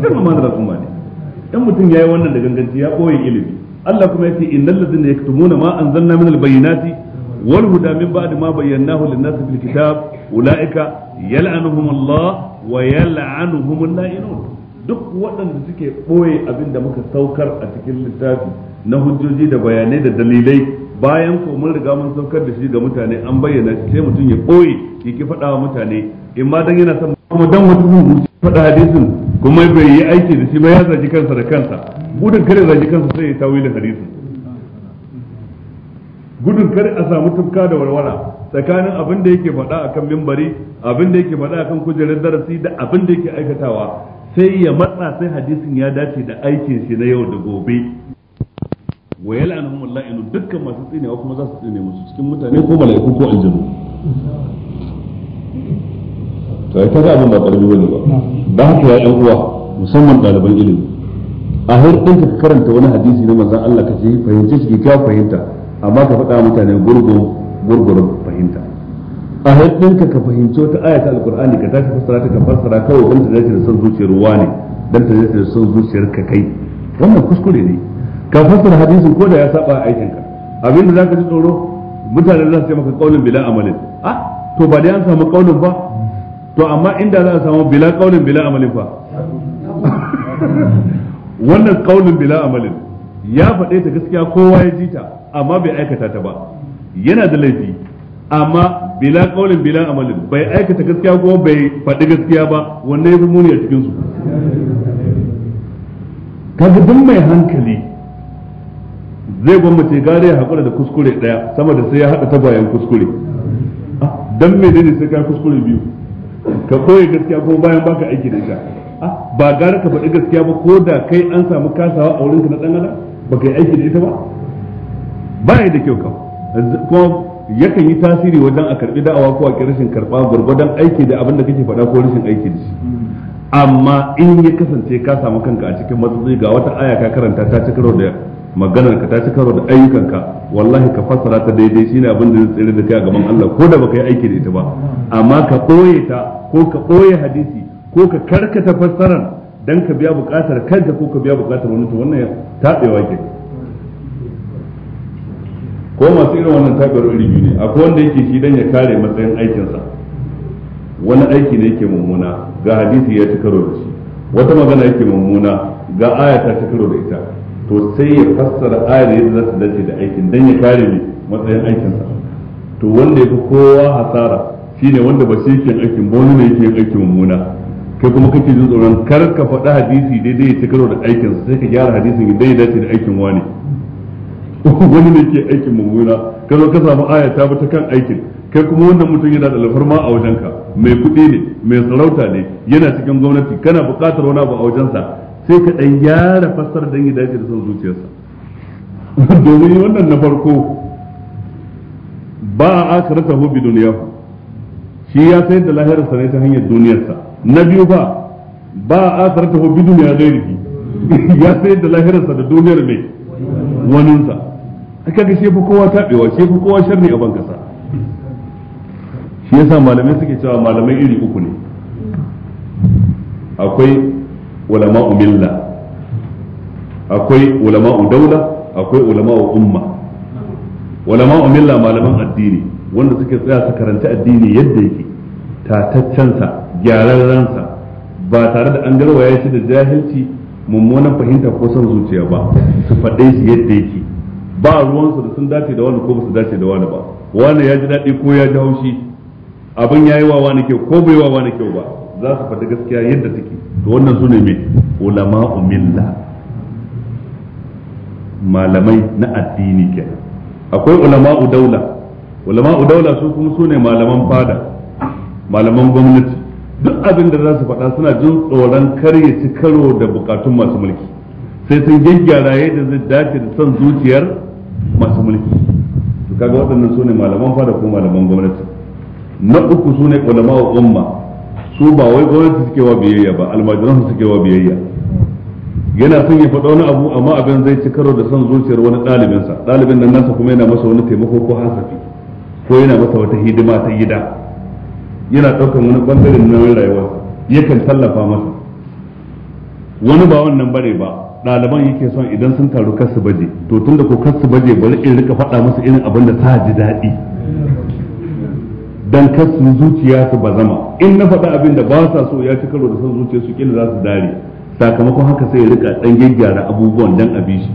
cin amanar al'umma ne dan mutum yayi wannan da ganganci ya koyi ilimi Allah kuma yace innal ladzina yaktumuna ma anzalna al bayyinati wal huda min ba'd ma bayyanahu lin-nasi bil kitab ulaika yal'anuhum Allah wa yal'anuhum duk waɗanda suke ɓoye abin da muka saukar a cikin littafi na hujjoji da bayanai da dalilai bayan ko mun riga mun saukar da shi ga mutane an bayyana sai mutum ya ɓoye ya ki faɗa wa mutane in ma dan yana son kuma dan wata mu faɗa hadisin kuma bai yi aiki da shi ba ya zaji kansa da kansa gudun kare zaji kansa sai ya tawilin hadisin gudun kare a samu tufka da warwara tsakanin abin da yake faɗa akan mimbari abin da yake faɗa akan kujerar darasi da abin da yake aikatawa sai ya matsa sai hadisin ya dace da aikin shi na yau da gobe wa yal'anuhum inu dukkan masu tsinewa kuma za su tsine musu cikin mutane ko mala'iku ko aljanu to ai kaga abin ba karbi bane ba ba haka ya ɗan uwa musamman ɗaliban ilimi a har ɗin ka karanta wani hadisi na manzon Allah ka ce fahimci shi ka fahimta amma ka faɗa mutane gurgun gurgura fahimta a haifinka ka fahimci ta ayata alkur'ani ka tashi fassara ta ka fassara kawai wanda ta dace da son zuciyar ruwa ne don ta zai da son zuciyar ka kai wannan kuskure ne ka fassara hadisin ko da ya saba aikinka abinda ka ji tsoro mutanen za su ce maka kaulin bila amalin ah to ba da an samu kaulin ba to amma inda za a samu bila kaulin bila amalin fa wannan kaulin bila amalin ya faɗe ta gaskiya kowa ya ji ta amma bai aikata ta ba yana da laifi amma bila kaulin bila amalin bai aikata gaskiya ko bai faɗi gaskiya ba wanne ya fi muni a cikin su kaga duk mai hankali zai gwammace gare ya haƙura da kuskure ɗaya sama da sai ya haɗa ta bayan kuskure Don mai daidai sai ka kuskure biyu ka koyi gaskiya ko bayan baka aiki da ita ah, ba gare ka faɗi gaskiya ba ko da kai an samu kasawa a wurinka na ɗan adam ba ka yi aiki da ita ba ba da kyau kawai kuma yakan yi tasiri wajen a karbi da'awa ko a rashin karba gurgurdan aiki da abin da kake faɗa ko rashin aiki da shi amma in ya kasance ka samu kanka a cikin matsayi ga wata aya ka karanta ta ci karo da maganar ka ta ci karo da ayyukanka wallahi ka fassara ta daidai shine abin da zai tsere da kai a gaban Allah ko da baka yi aiki da ita ba amma ka ɓoye ta ko ka ɓoye hadisi ko ka karkata fassarar dan ka biya buƙatar kanka ko ka biya buƙatar wani to wannan taɓewa ke ko masu irin wannan tabiru iri biyu ne akwai wanda yake shi dan ya kare matsayin aikinsa wani aiki ne yake mummuna ga hadisi ya ci karo da shi wata magana yake mummuna ga aya ta ci karo da ita to sai ya fassara ayar yadda za su dace da aikin dan ya kare ne matsayin aikinsa to wanda ya fi kowa hasara shi ne wanda ba shi yake aikin ba wani ne yake aikin mummuna kai kuma kake jin tsoron kar ka faɗi hadisi daidai ya ci karo da aikinsa sai ka gyara hadisin daidai ya dace da aikin wani [LAUGHS] wani ne ke aikin mummuna ka zo ka samu aya ta bi ta kan aikin kai kuma wannan mutum yana da alfarma a wajenka mai kuɗi ne mai sarauta ne yana cikin gwamnati kana buƙatar wani abu a wajensa sai ka ɗan yara fassara dan ya dace da son zuciyarsa [LAUGHS] domin wannan na farko ba a akarata hobi duniya shi ya sayar da lahirarsa ne ta hanyar duniyarsa na biyu ba ba a akarata hobi duniya gairiki [LAUGHS] ya sayar da lahirarsa da duniyar mai waninsa kaga shi fa kowa tabewa shi fa kowa sharri a bankasa shi yasa malamai suke cewa malamai iri uku ne akwai ulama milla akwai ulama daula akwai ulama umma ulama milla malaman addini wanda suke tsaya su karanta addini yadda yake tataccensa ransa ba tare da an garwaya shi da jahilci mummunan fahimta ko son zuciya ba su faɗe shi yadda yake ba ruwansu da sun dace da wani ko su dace da wani ba wani ya ji daɗi ko ya ji haushi abin ya yi wa wani kyau ko bai wa wani kyau ba za su faɗi gaskiya yadda take to wannan su ne mai ulama umilla malamai na addini kenan akwai ulama daula ulama daula su kuma su ne malaman fada malaman gwamnati duk abin da za su faɗa suna jin tsoron kar ya ci karo da bukatun masu mulki sai sun gyaggyara yadda zai dace da son zuciyar masu mulki to kaga waɗannan su ne malaman fada ko malaman gwamnati na uku su ne ulama wa umma su ba wai gwamnati suke wa biyayya ba almajiran suke wa biyayya yana son ya faɗa wani abu amma abin zai ci karo da son zuciyar wani ɗalibinsa ɗalibin nan nasa kuma yana masa wani taimako ko hasafi ko yana masa wata hidima ta gida yana ɗaukar wani ɓangaren nauyin rayuwa yakan tallafa masa wani ba wannan bane ba ɗaliban yake son idan sun taru kar su baje to tun da ko kar su baje bari in rika faɗa musu irin abin da ta ji daɗi dan kar su zuciya su ba zama in na faɗa abin da ba sa so ya ci karo da son zuciya su kila za su dare sakamakon haka sai ya rika dan gyaggyara abubuwan dan abi shi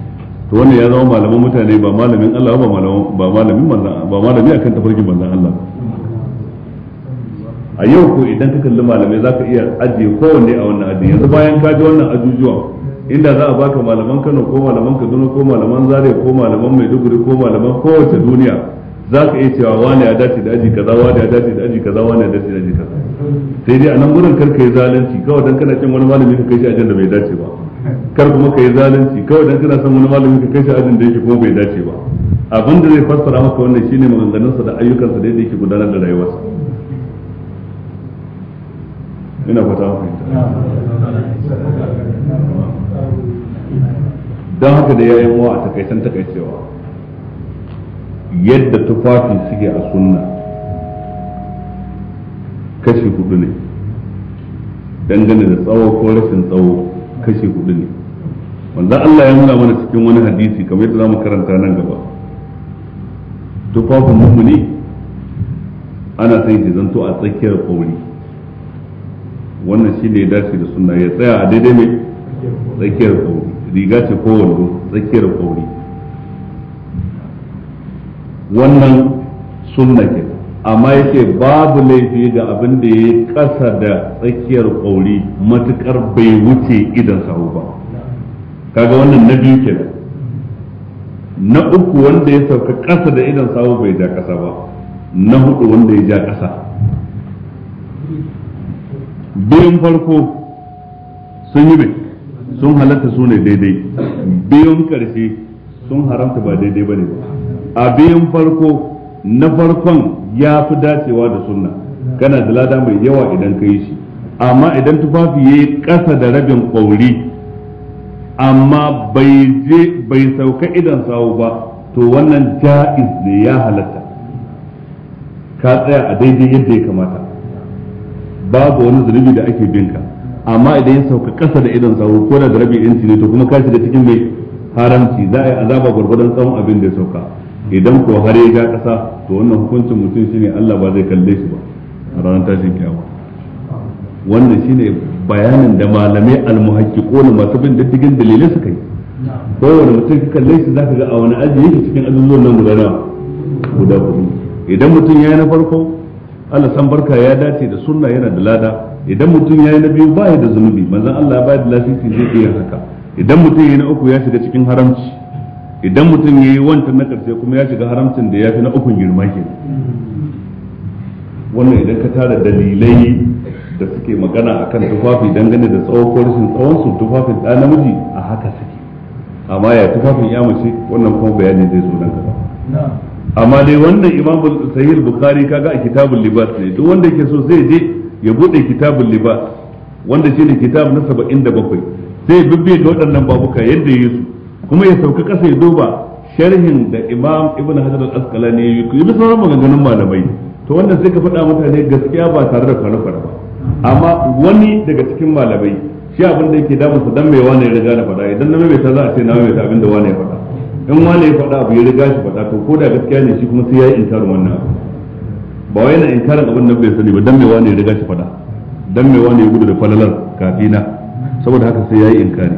to wannan ya zama malaman mutane ba malamin Allah ba malamin ba malamin manzon ba malami akan tafarkin manzon Allah a yau ko idan ka kalli malamai zaka iya ajiye kowanne a wannan ajiye yanzu bayan ka ji wannan ajujuwa inda za a baka malaman Kano ko malaman Kaduna ko malaman Zaria ko malaman Maiduguri ko malaman kowace duniya za ka iya cewa wani ya dace da aji kaza wani ya dace da aji kaza wani ya dace da aji kaza sai dai a nan gurin kar ka yi zalunci kawai dan kana cin wani malami ka kai shi ajin da bai dace ba kar kuma ka yi zalunci kawai dan kana son wani malami ka kai shi ajin da yake kuma bai dace ba abin da zai fassara maka wannan shine maganganunsa da ayyukansa da yake gudanar da rayuwarsa ina fata fahimta don haka da yayin wa a takaitan takaicewa yadda tufafi suke a sunna kashi hudu ne dangane da tsawo ko rashin tsawo kashi hudu ne wanda Allah ya nuna mana cikin wani hadisi kamar yadda zamu karanta nan gaba tufafin mummuni ana sai shi zanto a tsakiyar kauri wannan shi ne ya dace da sunna ya tsaya a daidai mai tsakiyar kauri riga ce ko wando tsakiyar kori wannan sunna ke amma yace babu laifi ga abin da ya kasa da tsakiyar kori matukar bai wuce idan sahu ba kaga wannan na biyu ke na uku wanda ya sauka kasa da idan sahu bai ja kasa ba na hudu wanda ya ja kasa biyun farko sun yi bai sun halatta su ne daidai biyun karshe sun haramta ba daidai ba ne a biyun farko na farkon ya fi dacewa da sunna kana da lada mai yawa idan ka yi shi amma idan tufafi ya yi ƙasa da rabin ƙauri amma bai sauka idan sawu ba to wannan ja'iz ne ya halatta ka tsaya a daidai yadda ya kamata babu wani zunubi da ake binka amma idan ya sauka kasa da idan sawu ko da rabi inci ne to kuma ka shiga cikin mai haramci za a yi azaba gwargwadon tsawon abin da ya sauka idan ko har ya ga kasa to wannan hukuncin mutum shine Allah ba zai kalle shi ba a ranar tashin kiyama wannan shine bayanin da malamai ko almuhaqqiqun masu bin diddigin dalilai suka yi kowane mutum ka kalle shi zaka ga a wani aji yake cikin azuzuwan nan guda nawa guda hudu idan mutum ya yi na farko Allah san barka ya dace da sunna yana da lada idan mutum ya yi na biyu ba ya da zunubi manzan Allah ba da lasisi zai iya haka idan mutum ya yi na uku ya shiga cikin haramci idan mutum ya yi wancan na ƙarshe kuma ya shiga haramcin da ya fi na ukun girma ke wannan idan ka tara dalilai da suke magana a kan tufafi dangane da tsawon ko rashin tsawon su tufafin ɗa namiji a haka suke amma ya tufafin ya mace wannan kuma bayani zai zo nan gaba amma dai wannan imam sahih bukhari kaga a kitabul libas ne duk wanda yake so zai je ya bude kitabul libas wanda shine kitab na 77 sai bibbe ga waɗannan babuka yadda yi su kuma ya sauka kasa ya duba sharhin da Imam Ibn Hajar al-Asqalani ya yi da sauran maganganun malamai to wannan sai ka faɗa mutane gaskiya ba tare da kwana-kwana ba amma wani daga cikin malamai shi abin da yake damun su dan mai wane ya riga na faɗa idan na mai ta za a ce na mai ta abin da wane ya faɗa in wane ya faɗa abu ya riga shi faɗa to ko da gaskiya ne shi kuma sai ya yi intar wannan abu ba wai na inkarin abin da bai sani ba dan me wani ya riga shi fada dan me wani ya gudu da falalar kafina saboda haka sai yayi inkari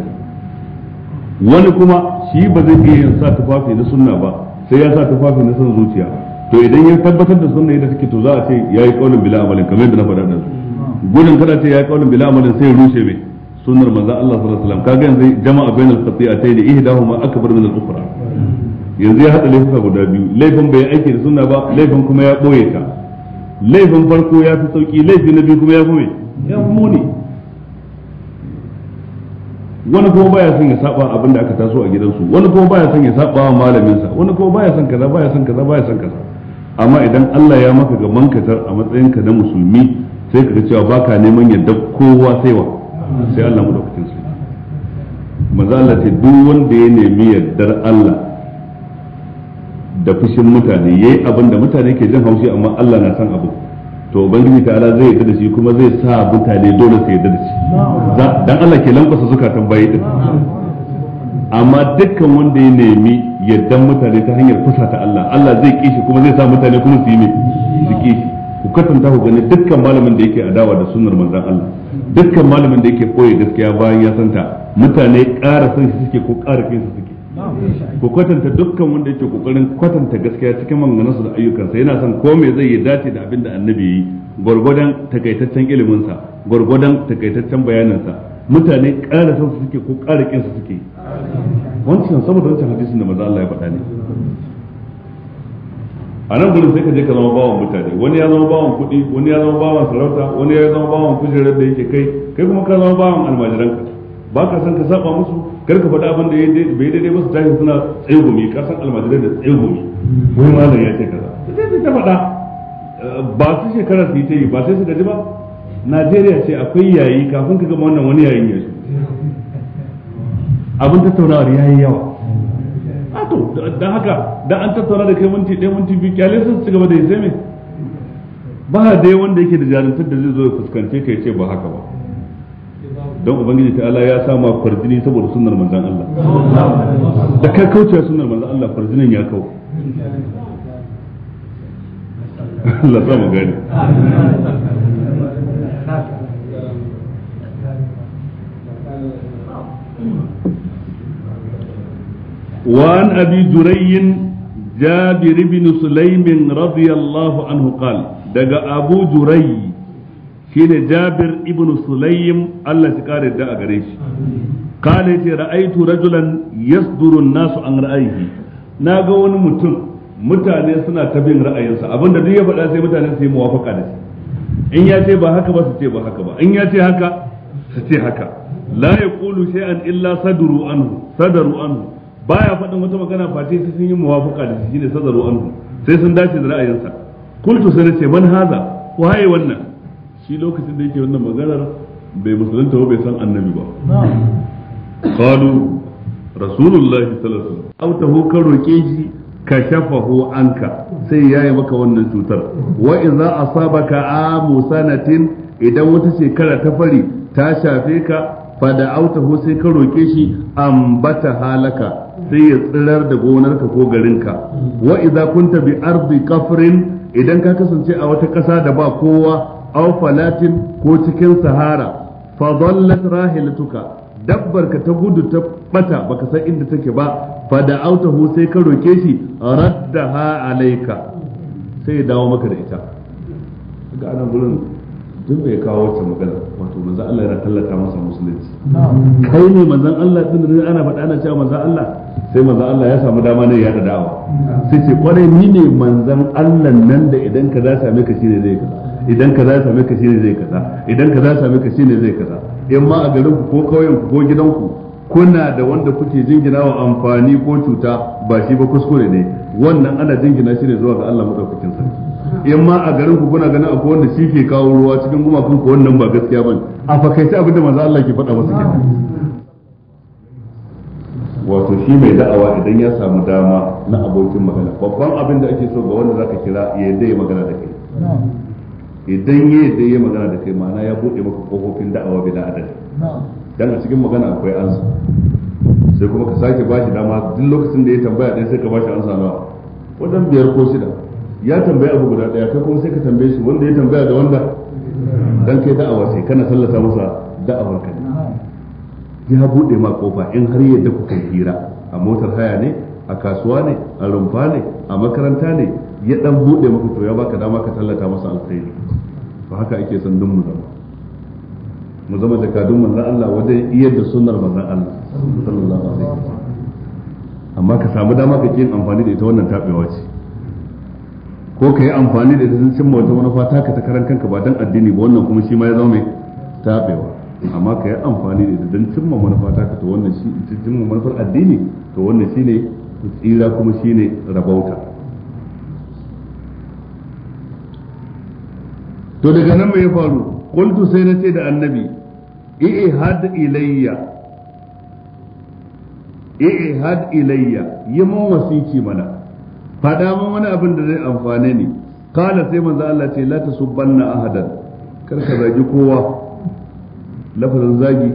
wani kuma shi ba zai iya yin sa tufafi na sunna ba sai ya sa tufafi na san zuciya to idan ya tabbatar da sunna yadda take to za a ce yayi kaulin bila amalin kamar yadda na faɗa da su gudun kada ce yayi kaulin bila amalin sai ya rushe mai sunnar manzo Allah sallallahu alaihi wasallam kaga yanzu jama'a bainal qati'atayn ihdahuma akbar min al-ukhra yanzu ya hada laifuka guda biyu laifin bai aiki da sunna ba laifin kuma ya boye ta laifin farko ya fi sauki laifi na biyu kuma ya fi muni wani kuma baya son ya saba abin da aka taso a gidansu wani kuma baya son ya saba wa malaminsa wani kuma baya son kaza baya son kaza baya son kaza amma idan Allah ya maka gaban mankatar a matsayinka na musulmi sai ka cewa baka neman yadda kowa sai wa sai Allah mu daukakin sai manzo Allah ce duk wanda ya nemi yaddar Allah da fushin mutane yayi abin da mutane ke jin haushi amma Allah na san abu to ubangiji ta'ala zai yarda da shi kuma zai sa mutane dole su yarda da shi dan Allah ke lankwasa zukatan bayi din amma dukkan wanda ya nemi yardan mutane ta hanyar ta Allah Allah zai kishi kuma zai sa mutane kuma su yi ne su kishi ku kasanta ku gani dukkan malamin da yake adawa da sunnar manzon Allah dukkan malamin da yake koyi gaskiya bayan ya santa mutane ƙara san shi suke ko ƙara kinsa suke ku kwatanta dukkan wanda yake kokarin kwatanta gaskiya cikin maganganunsa da ayyukansa yana son ko me zai yi dace da abin da annabi yi gwargwadon takaitaccen iliminsa gwargwadon takaitaccen bayaninsa mutane ƙara son su suke ko ƙara ƙin su suke wancan saboda wancan hadisin da maza Allah ya faɗa ne a nan gudun sai ka je ka zama bawan mutane wani ya zama bawan kuɗi wani ya zama bawan sarauta wani ya zama bawan kujerar da yake kai kai kuma ka zama bawan almajiranka ba ka san ka saba musu kar ka faɗa abin da ya bai daidai ba su tashi suna tsegumi kasan almajirai da tsegumi wai malam ya ce kaza sai su ta faɗa ba su shekara su yi ta yi ba sai su gaji ba najeriya ce akwai yayi kafin ka gama wannan wani yayin yanzu abin tattaunawar ya yi yawa a to don haka don an tattauna da kai minti ɗaya minti biyu kyale sun ci gaba da yi sai ba dai wanda yake da jarumtar da zai zo ya fuskance ka ya ce ba haka ba don ubangiji ta Allah ya samu ma farjini saboda sunnar manzon Allah da ka kauce sunnar manzon Allah farjinin ya kau Allah sa mu gani وعن أبي جري جابر بن سليم رضي الله عنه قال دق أبو جري shine Jabir ibn Sulaym Allah shi kare da a gare shi kale ce ra'aitu rajulan yasduru nasu an ra'ayi na ga wani mutum mutane suna ta bin ra'ayinsa abinda duk ya faɗa sai mutane su yi muwafaka da shi in ya ce ba haka ba su ce ba haka ba in ya ce haka su ce haka la yaqulu shay'an illa sadru anhu sadaru anhu baya faɗin wata magana Fati sai sun yi muwafaka da shi ne sadaru anhu sai sun dace da ra'ayinsa kultu sai ce man haza haye wannan shi lokacin da yake wannan maganar bai musulunta ba bai san annabi ba qalu rasulullahi sallallahu alaihi wasallam autahu ka roke shi ka shafahu anka sai yayi maka wannan cutar wa idza asabaka a sanatin idan wata shekara ta fari ta shafe ka fa da autahu sai ka roke shi ambata halaka sai ya tsirar da gonarka ko garinka wa idza kunta bi ardi kafrin idan ka kasance a wata ƙasa da ba kowa aw falatin ko cikin sahara fa dhallat rahilatuka dabbar ka ta gudu ta bata baka san inda take ba fa da'awtahu sai ka roke shi raddaha alayka sai ya dawo maka da ita ga anan gurin duk bai kawo wacce magana wato manzon Allah yana tallata masa musulunci kai ne manzon Allah din da ana faɗa ana cewa manzon Allah sai manzon Allah ya samu dama ne ya da dawo sai ce kwarai ni ne manzon Allah nan da idan ka za same ka shine zai ka idan kaza ya same ka shine zai kaza idan kaza ya same ka shine zai kaza in ma a garin ku ko kauyen ku ko gidan ku kuna da wanda kuke jingina wa amfani ko cuta ba shi ba kuskure ne wannan ana jingina shi ne zuwa ga Allah madaukakin sarki in ma a garin ku kuna ganin akwai wanda shi ke kawo ruwa cikin gumakun ku wannan ba gaskiya bane a fakaice abin da manzo Allah ke faɗa masa kenan wato shi mai da'awa idan ya samu dama na abokin magana babban abin da ake so ga wanda zaka kira ya yadda ya magana da kai idan yi yadda yi magana da kai ma'ana ya buɗe maka kofofin da'awa na adadi dan a cikin magana akwai ansa sai kuma ka sake ba shi dama duk lokacin da ya tambaya ɗaya sai ka ba shi ansa nawa wajen biyar ko shida ya tambaya abu guda ɗaya kai kuma sai ka tambaye shi wanda ya tambaya da wanda dan kai da'awa sai kana sallata masa da'awar ka ya buɗe ma kofa in har yadda ku kai hira a motar haya ne a kasuwa ne a rumfa ne a makaranta ne ya dan bude maka to ya baka dama ka tallata masa alkhairi to haka ake son dun mu zama mu zama mu manzon Allah wajen iya da sunnar manzon Allah sallallahu alaihi wasallam amma ka samu dama ka yin amfani da ita wannan tabewa ce ko ka yi amfani da ita sun cimma wata manufa taka ta karan kanka ba dan addini ba wannan kuma shi ma ya zama mai tabewa amma ka yi amfani da ita don cimma manufa taka to wannan shi cimma manufar addini to wannan shine tsira kuma shine rabauta to daga nan mai ya faru kuntu sai na ce da annabi had ilayya had ilayya yi mun wasici mana fada mun wani abin da zai amfane ni kala sai manzo Allah ce la tasubbanna ahadan kar ka zagi kowa lafazin zagi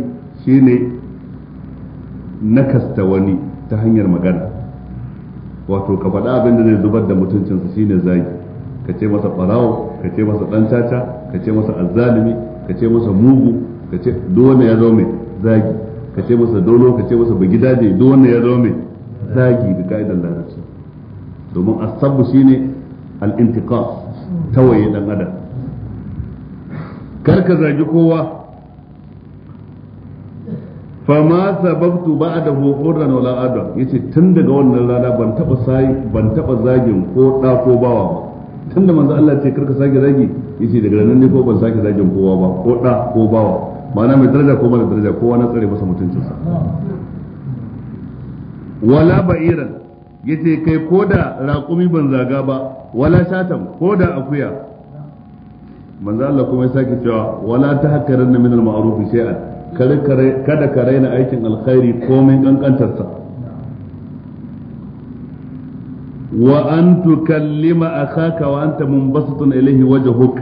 shine nakasta wani ta hanyar magana wato ka faɗa abin da zai zubar da mutuncinsa shine zagi ka ce masa ɓarawo ka ce masa dan caca ka ce masa azzalimi ka ce masa mugu ka ce duk wanda ya zo mai zagi ka ce masa dono ka ce masa dai duk wanda ya zo mai zagi da ka'idar larabci domin asabu shine al-intiqam tawaye dan adam kar ka zagi kowa fama sababtu ba'da hukuran wala adam yace tun daga wannan rana ban taba sai ban taba zagin ko da ko bawa ba tunda manzo Allah ce karka sake zagi yace daga nan ne ko ban sake zagin kowa ba ko da ko bawa ma'ana mai daraja ko mara daraja kowa na tsare masa mutuncinsa wala ba'iran yace kai ko da raƙumi ban zaga ba wala shatan ko da akuya manzo Allah kuma ya sake cewa wala ta min al-ma'ruf shay'an kada kare kada kare na aikin alkhairi komai sa wa an tukallima akhaka wa anta munbasitun ilayhi wajhuk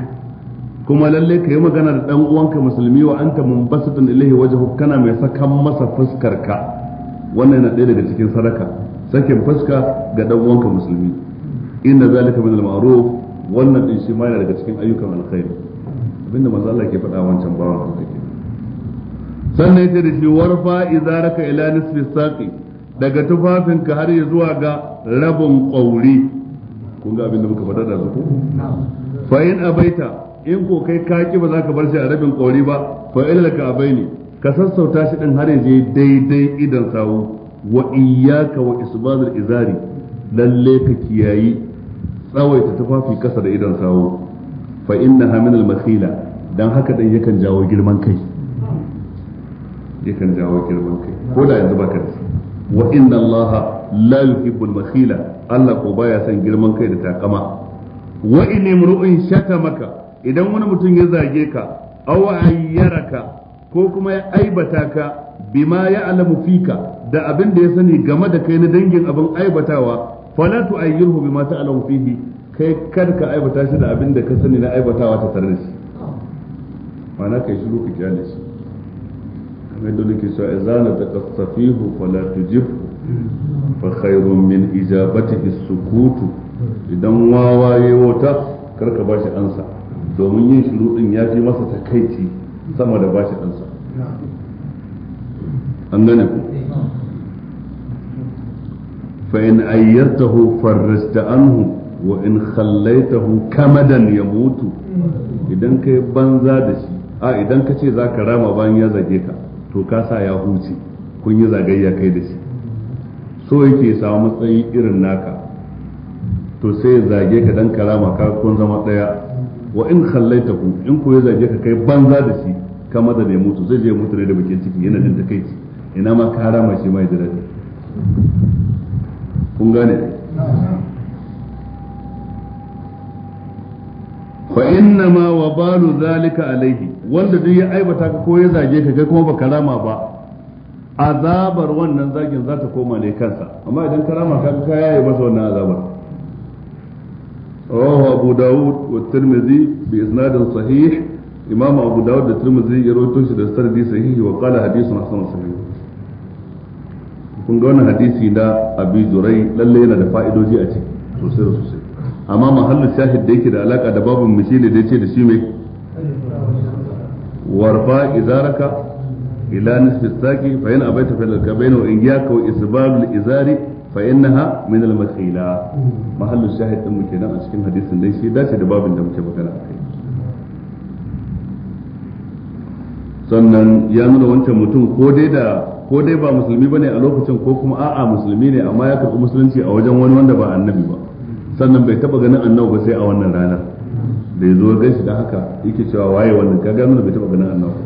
kuma lalle ka yi magana da dan uwanka musulmi wa anta munbasitun ilayhi wajhuk kana mai sakan masa fuskar ka wannan yana ɗaya daga cikin sadaka sakin fuska ga dan uwanka musulmi inna zalika min al-ma'ruf wannan din shi ma yana daga cikin ayyukan alkhairi abinda manzo Allah ke faɗa wancan bawan Allah sannan yace da shi warfa idaraka ila nisfi saqi daga tufafinka har ya zuwa ga rabin ƙwauri kun ga abin da muka faɗa da zuku fa abaita in ko kai kaki ba za ka bar shi a rabin ƙwauri ba fa abai ne ka sassauta shi ɗin har yanzu daidai idan sawu wa iyaka wa isbadul izari lalle ka kiyayi tsawaita tufafi kasa da idan sawu fa innaha min al makhila dan haka dan yakan jawo girman kai yakan jawo girman kai ko da yanzu baka da shi. wa inna Allah la yuhibbul bakhila Allah ko baya son girman kai da takama wa in imru'un shatamaka idan wani mutum ya zage ka aw ayyaraka ko kuma ya aibata ka bima ya alamu fika da abin da ya sani game da kai na dangin abin aibatawa fala tu'ayyirhu bima ta'lamu fihi kai kar ka aibata shi da abin da ka sani na aibatawa ta tare da shi ma'ana kai shiru ka kyale shi kamar da nake cewa izala da kasafihu fala tujib fa khairun min ijabatihi sukutu idan wawa wata karka bashi ansa domin yin shiru din ya fi masa takaici sama da bashi ansa an gane ku fa in ayyartahu farrasta anhu wa in khallaitahu kamadan yamutu idan kai banza da shi a idan ka ce za rama bayan ya zage ka to ka sa ya huce kun yi zagayya kai da shi so yake samu matsayi irin naka to sai ya zage ka dan karama ka kun zama daya wa in ku in ku ya zage ka kai banza da shi ka maza da mutu zai je mutu ne da bakin ciki yana da takeici ina ma ka rama shi mai da kun gane fa inna ma wa balu zalika alaihi wanda duk ya aibata ka ko ya zage ka kai kuma baka rama ba azabar wannan zagin za ta koma ne kansa amma idan ka rama ka ka yaye masa wannan azabar oh abu daud wa tirmidhi bi isnadin sahih imam abu daud da tirmidhi ya rawaito shi da sanadi sahihi wa qala hadithun hasan sahih kun ga wannan hadisi da abi zurai lalle yana da fa'idoji a ciki sosai sosai amma mahallin shahid da yake da alaka da babin mu da ce da shi mai warfa izaraka ila nisfi saki fa yana abaita fil kabaina wa iyyaka isbab al izari fa innaha min al mathila mahallin shahid din muke nan a cikin hadisin dai shi dace da babin da muke magana kai. sannan ya nuna wancan mutum ko dai da ko dai ba musulmi bane a lokacin ko kuma a'a musulmi ne amma ya karɓi musulunci a wajen wani wanda ba annabi ba sannan bai taba ganin annabi ba sai a wannan ranar da ya zo gan shi da haka yake cewa waye wannan ka gano bai taba ganin annabi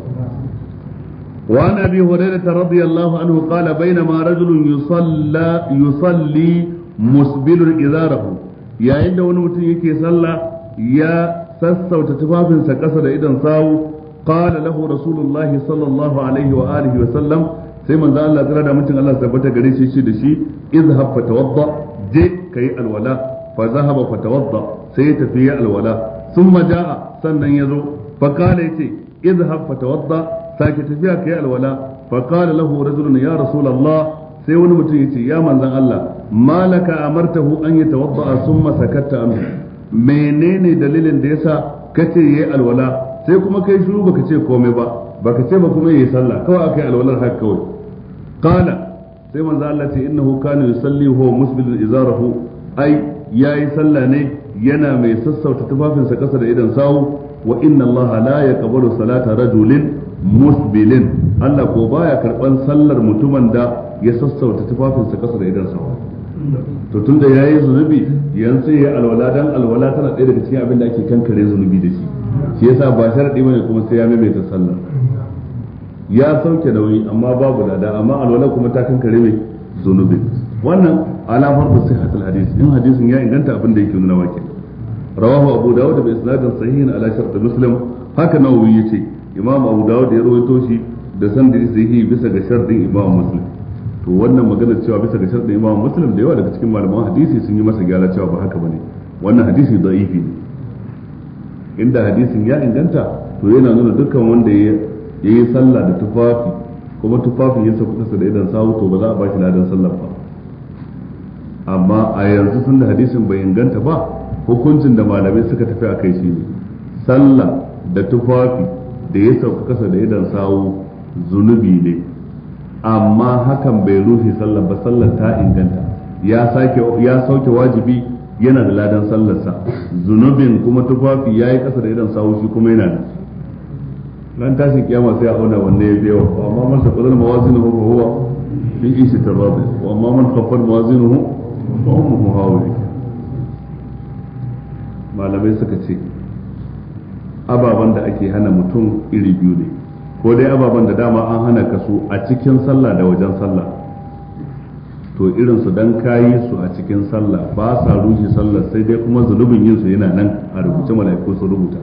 وعن ابي هريره رضي الله عنه قال بينما رجل يصلى يصلي مسبل ازاره Yayin da wani mutum yake sallah ya sassauta tufafinsa ƙasa da idan sawu qala lahu rasulullahi sallallahu alaihi wa alihi wa sallam sai manzo Allah tsara da mutum Allah tabbata gare shi shi da shi izhab fatawadda je kai alwala fa zahaba fa tawadda sai ya tafi ya alwala thumma jaa sannan ya fa kala yace idhhab fa tawadda sake tafiya kai alwala fa kala lahu rajulun ya rasulullah sai wani mutum yace ya manzon Allah malaka amartahu an yatawadda thumma sakatta am menene dalilin da yasa kace yayi alwala sai kuma kai shiru baka ce komai ba baka ce ba kuma yayi sallah kawai akai alwalar haka kawai qala sai manzo Allah ce innahu kana yusalli huwa musbilun izarahu ai ya yi sallah ne yana mai sassauta tufafinsa ƙasa da idan sawu wa inna allaha la yaqbalu salata rajulin musbilin Allah ko baya karban sallar mutumin da ya sassauta tufafinsa ƙasa da idan sawu to tunda yi zunubi yanzu yi alwala dan alwala tana ɗaya daga cikin abin da ake kankare zunubi da shi shi yasa ba sharadi bane kuma sai ya maimaita sallah ya sauke nauyi amma babu lada amma alwala kuma ta kankare mai zunubin wannan alamar da sai al-hadis in hadisin ya inganta abin da yake nuna wake rawahu abu dawud bai isnadin sahihin ala shart muslim haka nawawi yace imam abu dawud ya rawaito shi da sanadi sahihi bisa ga shartin imam muslim to wannan magana cewa bisa ga shartin imam muslim da yawa daga cikin malaman hadisi sun yi masa gyara cewa ba haka bane wannan hadisi da'ifi ne inda hadisin ya inganta to yana nuna dukkan wanda ya yi sallah da tufafi kuma tufafin ya sauka da idan sawu to ba za a ba shi ladan sallah ba amma a yanzu da hadisin bai inganta ba hukuncin da malamai suka tafi a kai shine sallah da tufafi da ya sauka kasa da idan sawu zunubi ne amma hakan bai rufe sallar ba sallar ta inganta ya sake ya sauke wajibi yana da ladan sallarsa zunubin kuma tufafi yayi kasa da idan sawu shi kuma yana da nan tashin kiyama sai a auna wanne ya biya wa amma man taqaddal mawazinuhu fa huwa fi isi tarabi wa amma man mawazinu mawazinuhu wa ummuhu malamai suka ce ababan da ake hana mutum iri biyu ne ko dai ababen da dama an hana ka su a cikin sallah da wajen sallah to irin su dan kayi su a cikin sallah ba sa rushe sallah sai dai kuma zunubin yin su yana nan a rubuce mala'iku su rubuta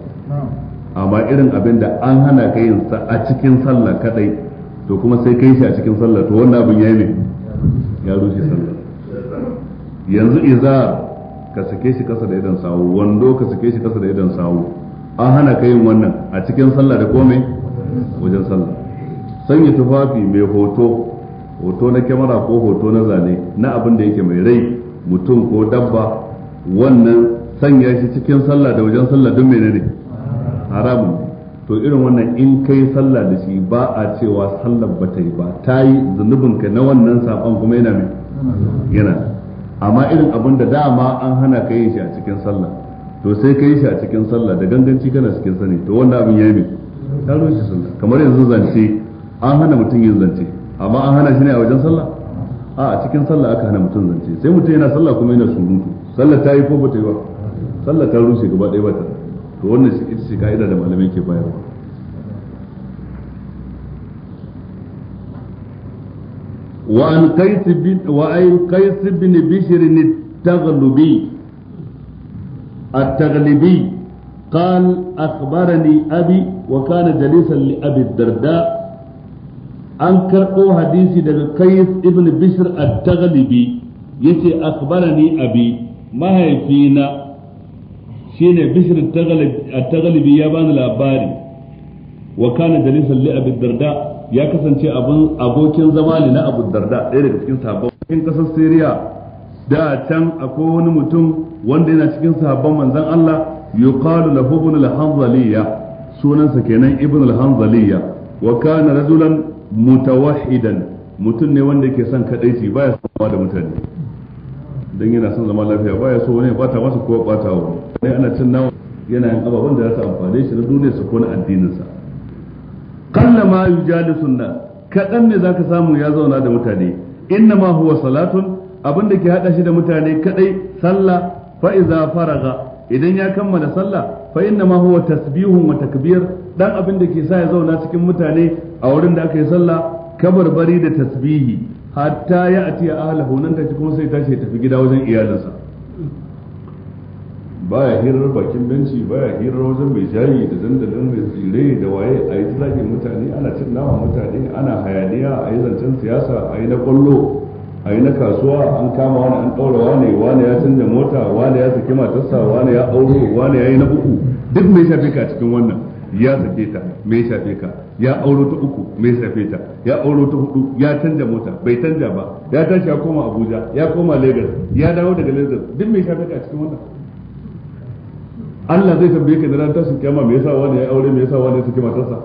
amma irin abin da an hana ka yin sa a cikin sallah kadai to kuma sai kai shi a cikin sallah to wannan abin yayi ne ya rushe sallah yanzu izar ka sake shi kasa da idan sawu wando ka sake shi kasa da idan sawu an hana ka yin wannan a cikin sallah da komai wajen sallah sanya tufafi mai hoto hoto na kyamara ko hoto na zane na abin da yake mai rai mutum ko dabba wannan sanya shi cikin sallah da wajen sallah don menene haramun to irin wannan in kai sallah da shi ba a cewa sallar ba ta yi ba ta yi zunubinka na wannan saban kuma yana mai yana amma irin abin da dama an hana ka yin shi a cikin sallah to sai ka yi shi a cikin sallah da ganganci kana cikin sani to wannan abin yayi ne ta rushe sallah kamar yanzu zance an hana mutum yin zance amma an hana shi ne a wajen sallah a a cikin sallah aka hana mutum zance sai mutum yana sallah kuma yana surutu sallah ta yi ko ba ta yi ba sallah ta rushe gaba ɗaya ba ta to wannan ita ce ka'ida da malamai ke bayarwa وعن قيس بن وعن قيس بن بشر التغلبي التغلبي قال أخبرني أبي وكان جليسا لأبي الدرداء an karɓo hadisi daga kais ibn bishr at-taghlibi yace akhbarani abi mahaifina shine bishr at ya bani labari wa kana jalisan li ya kasance abin abokin zama ne na Abu Darda ɗaya daga cikin sahabban cikin ƙasar Siriya. da can akwai wani mutum wanda yana cikin sahabban manzan Allah yuqalu lahu ibn al-Hanzaliyya sunansa kenan ibn al-Hanzaliyya wa kana rajulan mutawahhidan mutum ne wanda yake son kadaici baya son zama da mutane dan yana son zama lafiya baya so wani bata masa ko bata wa ana cin nawa yana yin ababen da za su amfane shi na duniyarsa ko na addininsa kalla ma jali nas kaɗan ne za zaka samu ya zauna da mutane inna ma huwa salatun abin da ke haɗa shi da mutane kadai sallah fa'iza faraga idan ya kammala sallah fa inna ma huwa tasbihun wa takbir dan abin da ke sa ya zauna cikin mutane a wurin da aka yi sallah kabarbari da tasbihi hatta ya a ahlahu nan da kuma sai tashi ya tafi gida wajen iyalinsa baya hirar bakin benci baya hirar wajen mai jayi da dandalin mai tsire da waye a yi tsaki mutane ana cin nama mutane ana hayaniya a yi zancen siyasa a yi na kwallo a yi na kasuwa an kama wani an ɗaura wani wani ya canza mota wani ya saki matarsa wani ya auro wani ya yi na uku duk mai shafe ka cikin wannan ya sake ta mai shafe ka ya auro ta uku mai shafe ta ya auro ta hudu ya canja mota bai canja ba ya tashi ya koma abuja ya koma lagos ya dawo daga lagos duk mai shafe ka cikin wannan Allah zai tambaye ka na ran tashin kiyama me yasa wani ya aure me yasa wani ya saki matarsa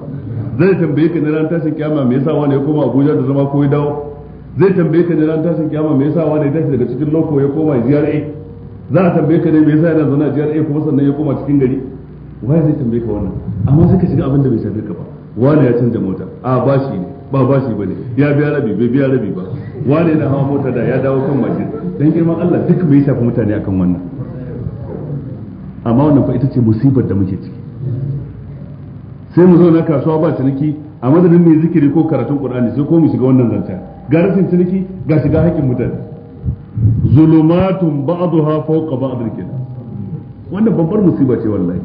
zai tambaye ka na ran tashin kiyama me yasa wani ya koma Abuja da zama ko ya dawo zai tambaye ka na ran tashin kiyama me yasa wani ya tashi daga cikin loko ya koma GRA za a tambaye ka ne me yasa yana zauna GRA kuma sannan ya koma cikin gari waye zai tambaye ka wannan amma sai ka shiga abin da bai shafe ka ba wani ya canza mota a bashi ne ba bashi bane ya biya rabi bai biya rabi ba wani yana hawa mota da ya dawo kan mashin dan girman Allah duk bai shafi mutane akan wannan amma wannan fa ita ce musibar da muke ciki sai mu zo na kasuwa ba ciniki a madadin mai zikiri ko karatun qur'ani sai ko mu shiga wannan zanta ga rashin ciniki ga shiga haƙƙin mutane zulumatun ba'daha fawqa ba'd kenan wannan babbar musiba ce wallahi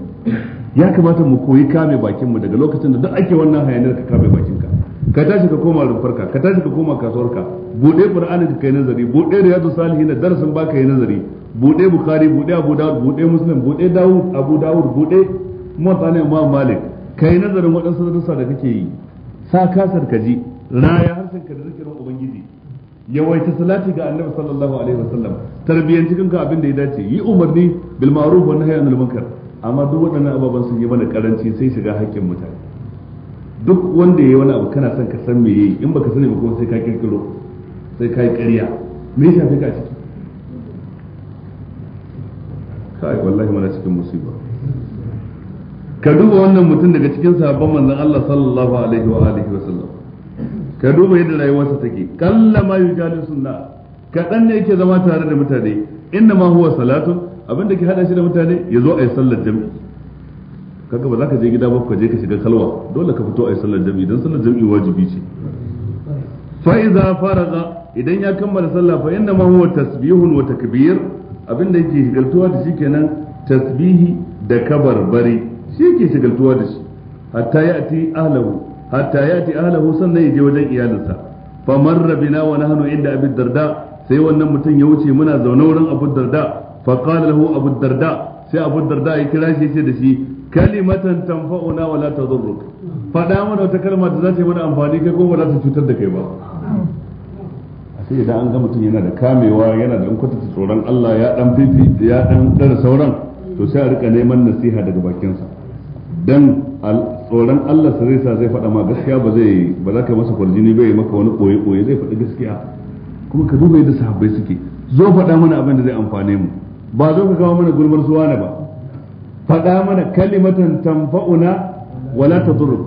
ya kamata mu koyi kame bakin mu daga lokacin da duk ake wannan hayaniyar ka kame bakin ka ka tashi ka koma rufarka ka tashi ka koma kasuwarka bude qur'ani ka kai nazari bude riyadu salihin da darasin baka yi nazari bude bukhari bude abu dawud bude muslim bude dawud abu dawud bude mutane imam malik kai nazarin waɗansu darussa da kake yi sa kasar ka ji raya harshen ka da zikirin ubangiji yawaita salati ga annabi sallallahu alaihi wasallam tarbiyyanci kanka abin da ya dace yi umarni bil ma'ruf wa nahyi anil munkar amma duk waɗannan ababen sun yi mana karanci sai shiga haƙƙin mutane duk wanda yayi wani abu kana son ka san me in baka sani ba kuma sai ka kirkiro sai ka yi ƙarya me ya shafe ciki kai wallahi mana cikin musiba ka duba wannan mutum daga cikin sahabban manzon Allah sallallahu alaihi wa alihi wa sallam ka duba yadda rayuwarsa take kallama yujali sunna kaɗan ne yake zama tare da mutane inna ma huwa salatu abinda ke hada shi da mutane ya zo a yi sallar jami'i kaga ba za ka je gida ba ka je ka shiga kalwa dole ka fito a yi sallar jami'i don sallar jami'i wajibi ce fa iza faraga idan ya kammala sallah fa inna ma huwa tasbihun wa takbir abin da yake shigaltuwa da shi kenan tasbihi da kabarbari shi yake shigaltuwa da shi hatta ya'ti ahlahu hatta ya'ti ahlahu sannan ya je wajen iyalinsa fa marra bina wa nahnu inda abi darda sai wannan mutum ya wuce muna zaune wurin abu darda fa qala lahu abu darda sai abu darda ya kira shi sai da shi kalimatan tanfa'una wa la tadurruk faɗa mana wata kalma da za ta yi mana amfani kai ko ba za ta cutar da kai ba sai idan an ga mutum yana da kamewa yana da kwatanta tsoron Allah ya dan fifi ya dan dar sauran to sai a rika neman nasiha daga bakinsa dan tsoron Allah sa zai sa zai faɗa ma gaskiya ba zai ba za ka masa kwarjini bai maka wani koyi koyi zai faɗi gaskiya kuma ka duba yadda sahabbai suke zo faɗa mana abin da zai amfane mu ba zo ka kawo mana gulmar suwa na ba faɗa mana kalimatan tanfa'una wala tadur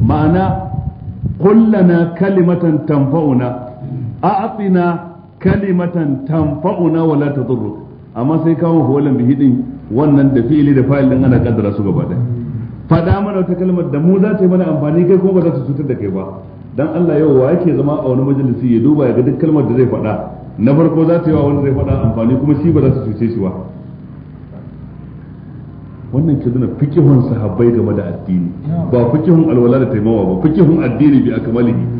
ma'ana kullana kalimatan tanfa'una a'tina kalimatan tanfa'una wa la tadurru amma sai kawo huwalan bihi din wannan da fi'ili da fa'il din ana kaddara su gaba da fada mana wata kalmar da mu za ta yi mana amfani kai kuma ba za ta cutar da kai ba dan Allah yau wa yake zama a wani majalisi ya duba ya ga duk kalmar da zai faɗa na farko za ta yi wa wanda zai faɗa amfani kuma shi ba za ta cuce shi ba wannan ke nuna fikihun sahabbai game da addini ba fikihun alwala da taimawa ba fikihun addini bi akmalihi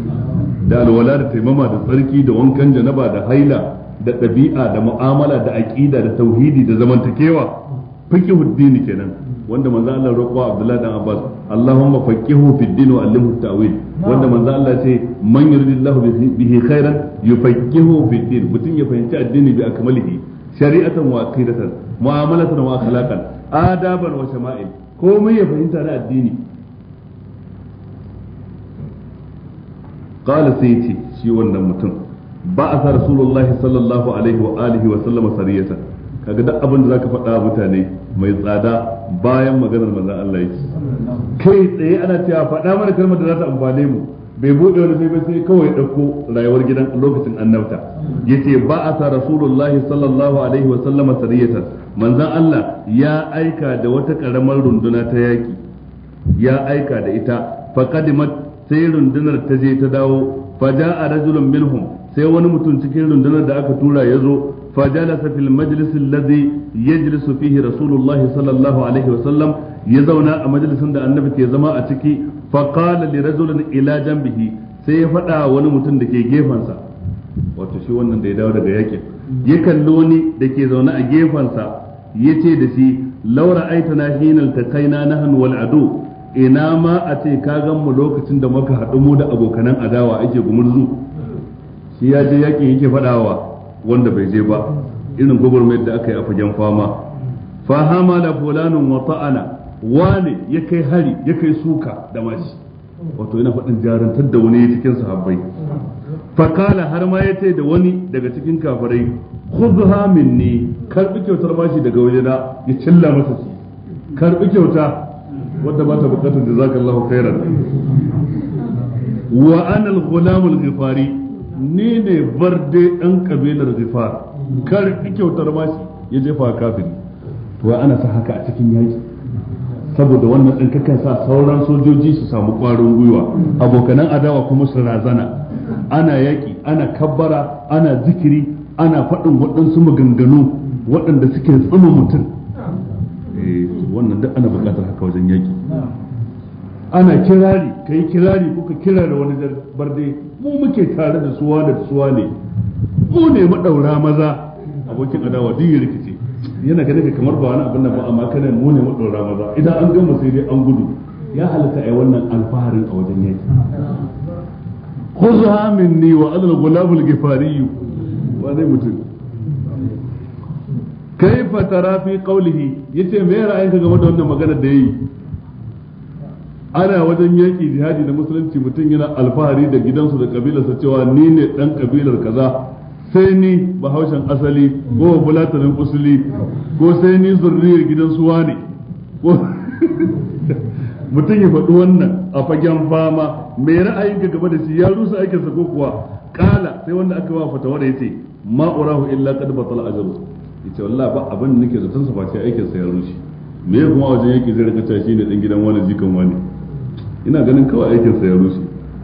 da alwala da taimama da tsarki da wankan janaba da haila da ɗabi'a da mu'amala da aƙida da tauhidi da zamantakewa fiqhu dini kenan wanda manzo Allah roƙo Abdullahi dan Abbas Allahumma faqihu fid din wa allimhu ta'wil wanda manzo Allah ce man yuridillahu bihi khairan yufaqihu fid din mutun ya fahimci addini bi akmalihi shari'atan wa aqidatan mu'amalatan wa akhlaqan adaban wa shama'il komai ya fahimta na addini qala sai ce shi wannan mutum ba a sa rasulullahi sallallahu alaihi wa alihi wa sallama sariyatan kaga duk abin da zaka faɗa mutane mai tsada bayan maganar manzon Allah yace kai tsaye ana cewa faɗa mana kalmar da zata ta amfane mu bai bude wani sai kawai kawai dauko rayuwar gidan lokacin annabta yace ba a sa rasulullahi sallallahu alaihi wa sallama sariyatan manzon Allah ya aika da wata karamar runduna ta yaki ya aika da ita faqadimat sai rundunar ta je ta dawo a rajulun minhum sai wani mutum cikin rundunar da aka tura ya zo fajalasa fil majlis alladhi yajlisu fihi rasulullah sallallahu alaihi wasallam ya zauna a majalisin da annabi ke zama a ciki fa qala li rajulin ila janbihi sai ya faɗa wani mutum da ke gefensa wato shi wannan da ya dawo daga yakin ya kalli wani da ke zaune a gefensa ya ce da shi laura aitana hinal takaina nahan wal adu ina ma a ce ka gan mu lokacin da muka haɗu mu da abokanan adawa ake gumurzu shi ya je yakin yake faɗawa wanda bai je ba irin gwagwarmayar da aka yi a fagen fama fahama da fulanin wa wane ya kai hari ya kai suka da mashi wato yana faɗin jarantar da wani cikin sahabbai fakala har ma ya ce da wani daga cikin kafarai. khudha ne karɓi kyautar mashi daga wajena ya cilla masa shi Karɓi kyauta wadda ba ta bukatar jazakallahu khairan wa ana al-ghulam al-ghifari ni ne barde dan kabilar ghifar kar kyautar mashi ya jefa kafiri to ana sa haka a cikin yaki saboda wannan din kakan sa sauran sojoji su samu kwarin gwiwa abokanan adawa kuma su razana ana yaki ana kabbara ana zikiri ana faɗin waɗansu maganganu waɗanda suke tsuma mutum wannan duk ana buƙatar haka wajen yaki ana kirari kai kirari kuka kira da wani barde mu muke tare da suwa da suwa ne mu ne madaura maza abokin adawa duk ya rikice yana ganin ka kamar ba wani abin nan ba amma kana mu ne madaura maza idan an gama sai dai an gudu ya halatta ai wannan alfaharin a wajen yaki khuzha minni wa ana al-ghulabul ghifari wa zai mutum kaifa tara fi qawlihi yace me ra'ayinka game da wannan magana da yayi ana wajen yaki jihadi da musulunci mutum yana alfahari da gidansu da kabilarsa cewa ni ne dan kabilar kaza sai ni bahaushen asali ko bulatanin usuli ko sai ni zurriyar gidansu wani ko mutum ya faɗi wannan a fagen fama mai ra'ayin ga gaba da shi ya rusa aikinsa ko kuwa kala sai wanda aka fatawa da ya ce ma'urahu illa qad batala ajruhu yace wallahi ba abin da nake zaton sa face aikin sa ya rushe me ya kuma wajen yake zai rika tashi ne din gidan wani jikan wani ina ganin kawai aikin sa ya rushe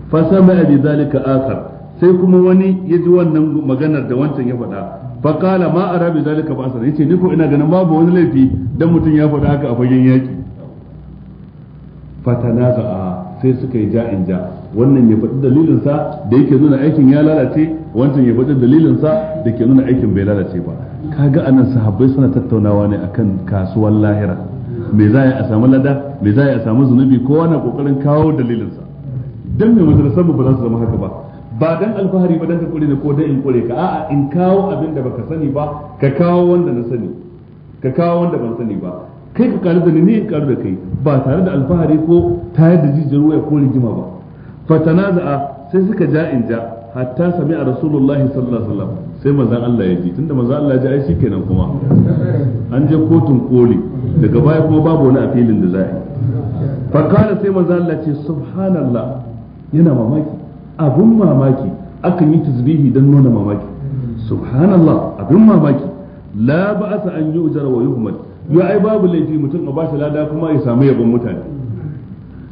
fa sama abi zalika akhar sai kuma wani ya ji wannan maganar da wancan ya faɗa fa qala ma ara bi zalika ba asar yace ni ko ina ganin babu wani laifi dan mutum ya faɗa haka a fagen yaki fatanaza sai suka yi ja'in ja wannan ya faɗi dalilinsa da yake nuna aikin ya lalace wancan ya faɗi dalilinsa da ke nuna aikin bai lalace ba kaga anan sahabbai suna tattaunawa ne akan kasuwar lahira me za a samu lada me za a samu zunubi kowa na kokarin kawo dalilinsa dan me madrasar mu ba za su zama haka ba ba dan alfahari ba dan ka kure ne ko dan in kure ka a'a in kawo abin da baka sani ba ka kawo wanda na sani ka kawo wanda ban sani ba kai ka karu da ni ne in karu da kai ba tare da alfahari ko tayar da jijiyar waya ko rigima ba fatanaza'a sai suka ja in ja hatta sami a rasulullahi sallallahu alaihi wasallam sai manzon Allah ya ji tunda manzon Allah ya ji ai shikenan kuma an je kotun koli daga baya kuma babu wani a filin da za a yi fa kana sai manzon Allah ce subhanallah yana mamaki abun mamaki akan yi tasbihi dan nuna mamaki subhanallah abin mamaki la ba'asa an yu'jar wa yuhmad yo ai babu laifi mutum a bashi lada kuma ya samu yabon mutane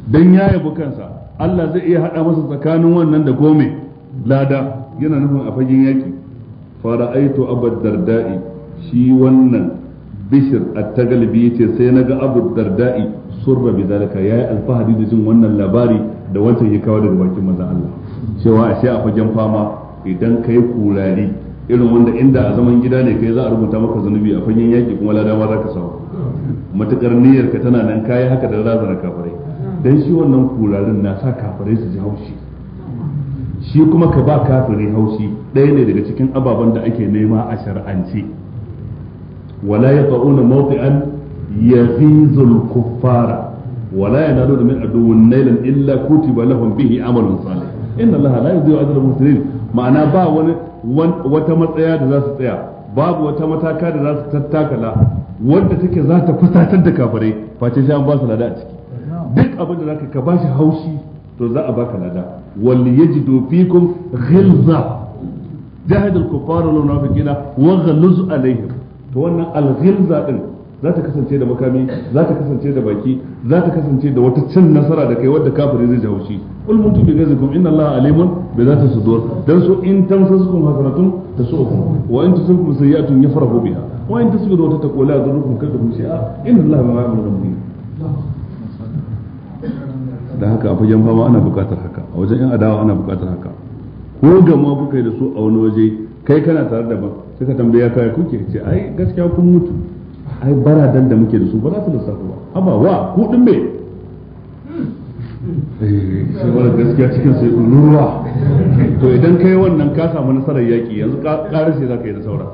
dan ya yabi kansa Allah zai iya hada masa tsakanin wannan da gome lada yana nufin a fagen yaki aito abu darda'i shi wannan bishir at-tagalbi ce sai ga abu darda'i surba bi zalika yi alfahari da jin wannan labari da wancan ya kawo daga bakin maza Allah cewa ashe a fagen fama idan kai kurari irin wanda inda a zaman gida ne kai za a rubuta maka zunubi a fagen yaki kuma lada ma ka samu matukar niyyar tana nan kaya haka da razana kafirai dan shi wannan kurarin na sa kafirai su ji haushi shi kuma ka ba kafiri haushi ɗaya ne daga cikin ababen da ake nema a shar'ance wala yaqauna mawqi'an yazizu al-kuffara wala yanaluna min aduwwin nailan illa ba lahum bihi amalun salih inna Allah la yudhi'u ajra al ma'ana ba wani wata matsaya da za su tsaya babu wata mataka da za su tattakala wanda take za ta kusantar da kafirai face shi an ba su lada a ciki duk abin da zaka ka ba shi haushi to za a baka lada وليجدوا فيكم غلظة جاهد الكفار والمنافقين وغلظ عليهم to wannan alghilza din za ta kasance da makami za kasance da baki za kasance da wata cin nasara da kai wadda kafiri zai ji haushi qul mutu bi ghayzikum inna allaha alimun bi zati sudur dan so in tamsasukum hasanatun tasukum wa in tusibukum sayi'atun yafrahu biha wa in da haka a fagen fama ana bukatar haka a wajen yan adawa ana bukatar haka ko ma kuka yi da su a wani waje kai kana tare da ba suka tambaya kai kuke ce ai gaskiya kun mutu ai bara dan da muke da su ba za su lissafa ba haba wa ku din me [LAUGHS] eh, sai wani gaskiya cikin sai ruwa to idan kai wannan ka samu nasarar yaki yanzu ƙarar sai za ka yi da saura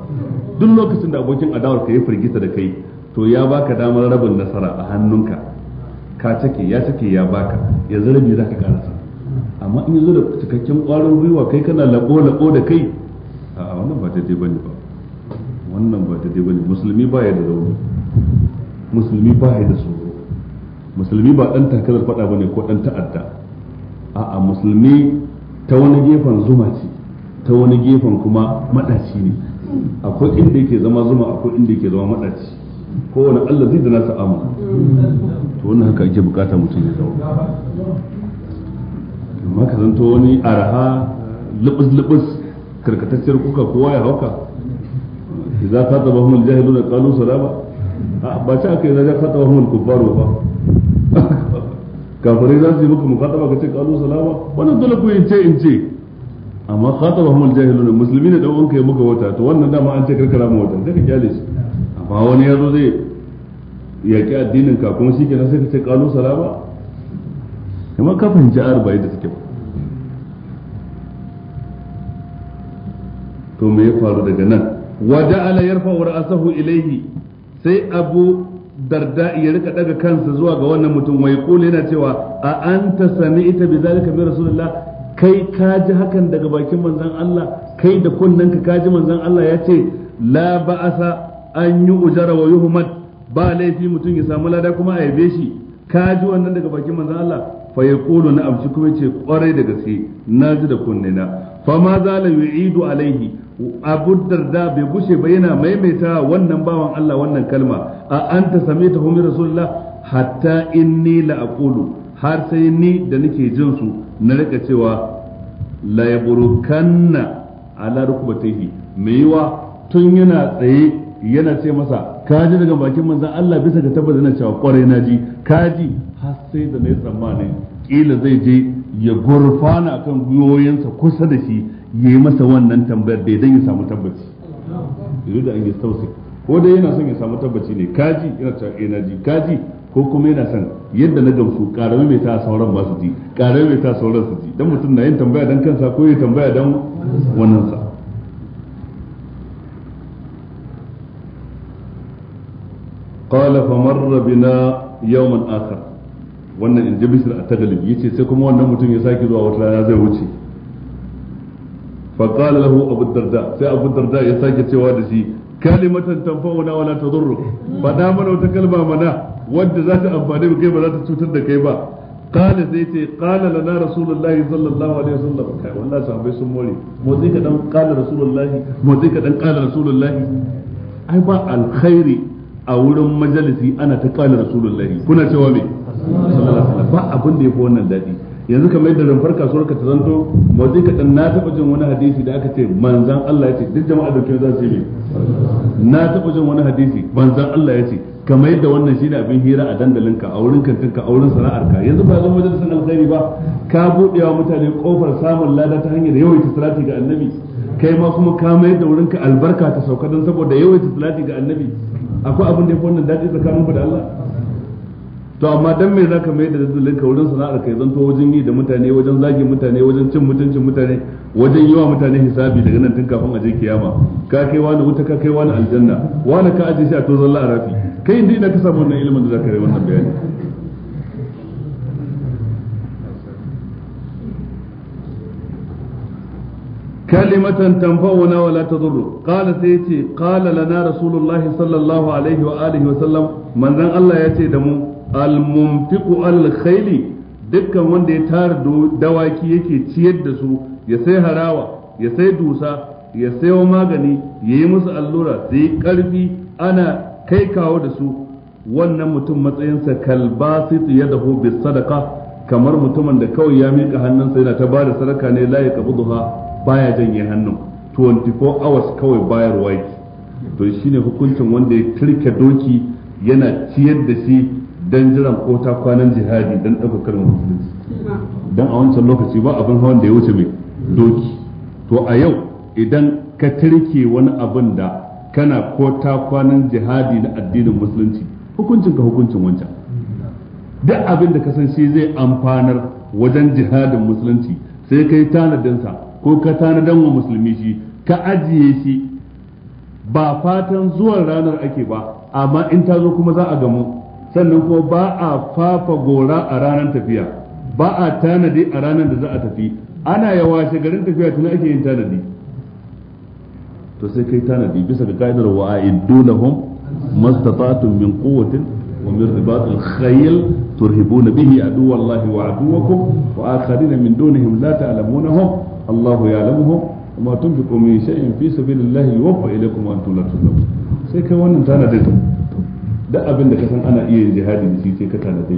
duk lokacin da abokin adawar ka ya firgita da kai to ya baka damar rabin nasara a hannunka ka cake ya cake ya baka yanzu rabi za karasa amma in zo da cikakken ƙwarin gwiwa kai kana labo labo da kai a wannan ba daidai bane ba wannan ba daidai bane musulmi ba ya da rauni musulmi ba ya da tsoro musulmi ba dan takalar fada bane ko dan ta'adda a'a musulmi ta wani gefen zuma ce ta wani gefen kuma madaci ne akwai inda yake zama zuma akwai inda yake zama madaci kowane Allah zai da nasa amma to wannan haka ake bukata mutum ya zama amma ka zanto wani araha lubus-lubus karkatacciyar kuka kowa ya hauka taba hamul jahilu da kalu salama ba ta aka idza taba hamul kuffaru ba kafirai za su yi muka taba ka ce kalu salama wannan dole ku in ce in ce amma hamul jahilu da musulmi ne dan ka ya muka wata to wannan dama an ce karkara mu wata daga ka kyale shi amma wani ya zo zai yaƙi addinin ka kuma shikenan sai ka ce kalu salama kuma ka fahimci ayar ba yadda suke ba to me ya faru daga nan wa ja'ala yarfa'u ra'sahu ilayhi sai abu darda ya rika daga kansa zuwa ga wannan mutum wai kula yana cewa a anta sami'ta bi zalika bi rasulullah kai ka ji hakan daga bakin manzon Allah kai da kunnanka ka ji manzon Allah ya ce la ba'asa an yi ujara wa yuhmad ba laifi mutum ya samu lada kuma a yabe shi ka ji wannan daga bakin manzon Allah fa ya kulu na amshi kuma ce kwarai da gaske na ji da na. fa ma zala yu'idu alaihi abu darda bai gushe ba yana maimaita wannan bawan Allah wannan kalma a anta samita hu rasulullah hatta inni la aqulu har sai ni da nake jin su na rika cewa la yaburukanna ala rukbatihi mai wa tun yana tsaye yana ce masa ka ji daga bakin manzan Allah bisa ka tabbata na cewa kwarai na ji ka ji har sai da na yi tsammanin kila zai je ya gurfana akan gwiwoyinsa kusa da shi ya yi masa wannan tambayar da idan ya samu tabbaci idan da an yi tausi ko dai yana son ya samu tabbaci ne kaji yana cewa eh na ji kaji ko kuma yana son yadda na gamsu karami mai ta sauran ba su ji karami mai ta sauran su ji dan mutum na yin tambaya dan kansa ko ya tambaya dan wannan sa qala fa marra bina yawman wannan in ji bisir a tagalib yace sai kuma wannan mutum ya sake zuwa wata rana zai wuce fa qala lahu abu darda sai abu darda ya sake cewa da shi kalimatan tanfa'una wala tadurru fada mana wata kalma mana wadda za ta amfani mu kai ba za ta cutar da kai ba qala sai ce qala lana rasulullahi sallallahu alaihi wasallam kai wallahi sahabbai sun more motsi ka dan qala rasulullahi motsi ka dan qala rasulullahi ai ba alkhairi a wurin majalisi ana ta kala rasulullahi kuna cewa me ba abin da ya fi wannan daɗi yanzu kamar yadda rumfar kasuwar ka ta zanto motsi ka na taɓa jin wani hadisi da aka ce manzan Allah ya ce duk jama'a da kyau za su yi na taɓa jin wani hadisi manzan Allah ya ce kamar yadda wannan shine abin hira a dandalin ka a wurin kantin ka a wurin sana'ar ka yanzu ba zan majalisar alkhairi ba ka buɗewa mutane kofar samun lada ta hanyar yawaita salati ga annabi kai ma kuma ka mayar da wurin ka albarka ta sauka don saboda yawaita salati ga annabi akwai abin da ya wannan daji tsakanin ku da Allah to amma dan me zaka mai da zulun ka wurin sana'ar kai zanto wajen yi da mutane wajen zagi mutane wajen cin mutuncin mutane wajen yi wa mutane hisabi daga nan tun kafin a je kiyama ka kai wani wuta ka kai wani aljanna wani ka aje shi a tozon la'arafi kai inda ina ka samu wannan ilimin da zaka yi wannan bayani kalimatan tanfa'una wala tadurru qala sai yace qala lana rasulullahi sallallahu alaihi wa alihi wa sallam manzon Allah yace da mu al munfiqu al khayli dukkan wanda ya tara dawaki yake ciyar da su ya sai harawa ya sai dusa ya sayo magani ya yi musu allura sai karfi ana kai kawo da su wannan mutum matsayinsa kalbasit ya dahu bis sadaka kamar mutumin da kawai ya miƙa hannunsa yana ta bada sadaka ne la ya baya janye hannun 24 hours kawai bayar yake to shine hukuncin wanda ya turke doki yana ciyar da shi don jiran ko ta kwanan jihadi dan kalmar musulunci Don a wancan lokaci ba abin hawan da ya wuce mai doki to a yau idan ka turke wani abin da kana ko ta kwanan jihadi na addinin musulunci hukuncin ka hukuncin wancan duk abin da ka san shi zai amfanar wajen jihadin musulunci sai kai tanadinsa ko ka tanadan wa musulmi shi ka ajiye shi ba fatan zuwan ranar ake ba amma in ta zo kuma za a gamu sannan kuma ba a fafa gora a ranar tafiya ba a tanadi a ranar da za a tafi ana yawa garin tafiya tun ake yin tanadi to sai kai tanadi bisa ga ka'idar wa'aidu lahum mastata'tum min quwwatin wa min ribatil khayl turhibuna bihi aduwallahi wa aduwakum wa akharina min dunihim la ta'lamunahum Allahu يعلمه amma تنفقوا من شيء fi sabilillahi الله يوفى wa antum لا تظلمون sai kai wannan tana da duk abin da ka san ana iya yin jihadi da shi sai ka tana shi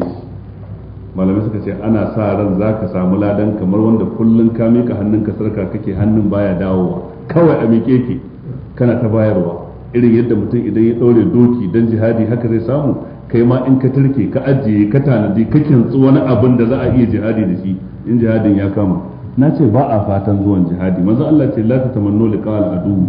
malamai suka ce ana sa ran za ka samu ladan kamar wanda kullum ka miƙa hannunka sarka kake hannun baya dawowa kawai a miƙe ke kana ta bayarwa irin yadda mutum idan ya ɗaure doki don jihadi haka zai samu kai ma in ka turke ka ajiye ka tanadi ka kintsu wani abin da za a iya jihadi da shi in jihadin ya kama na ce ba a fatan zuwan jihadi manzo Allah ce la ta tamannu liqa al adu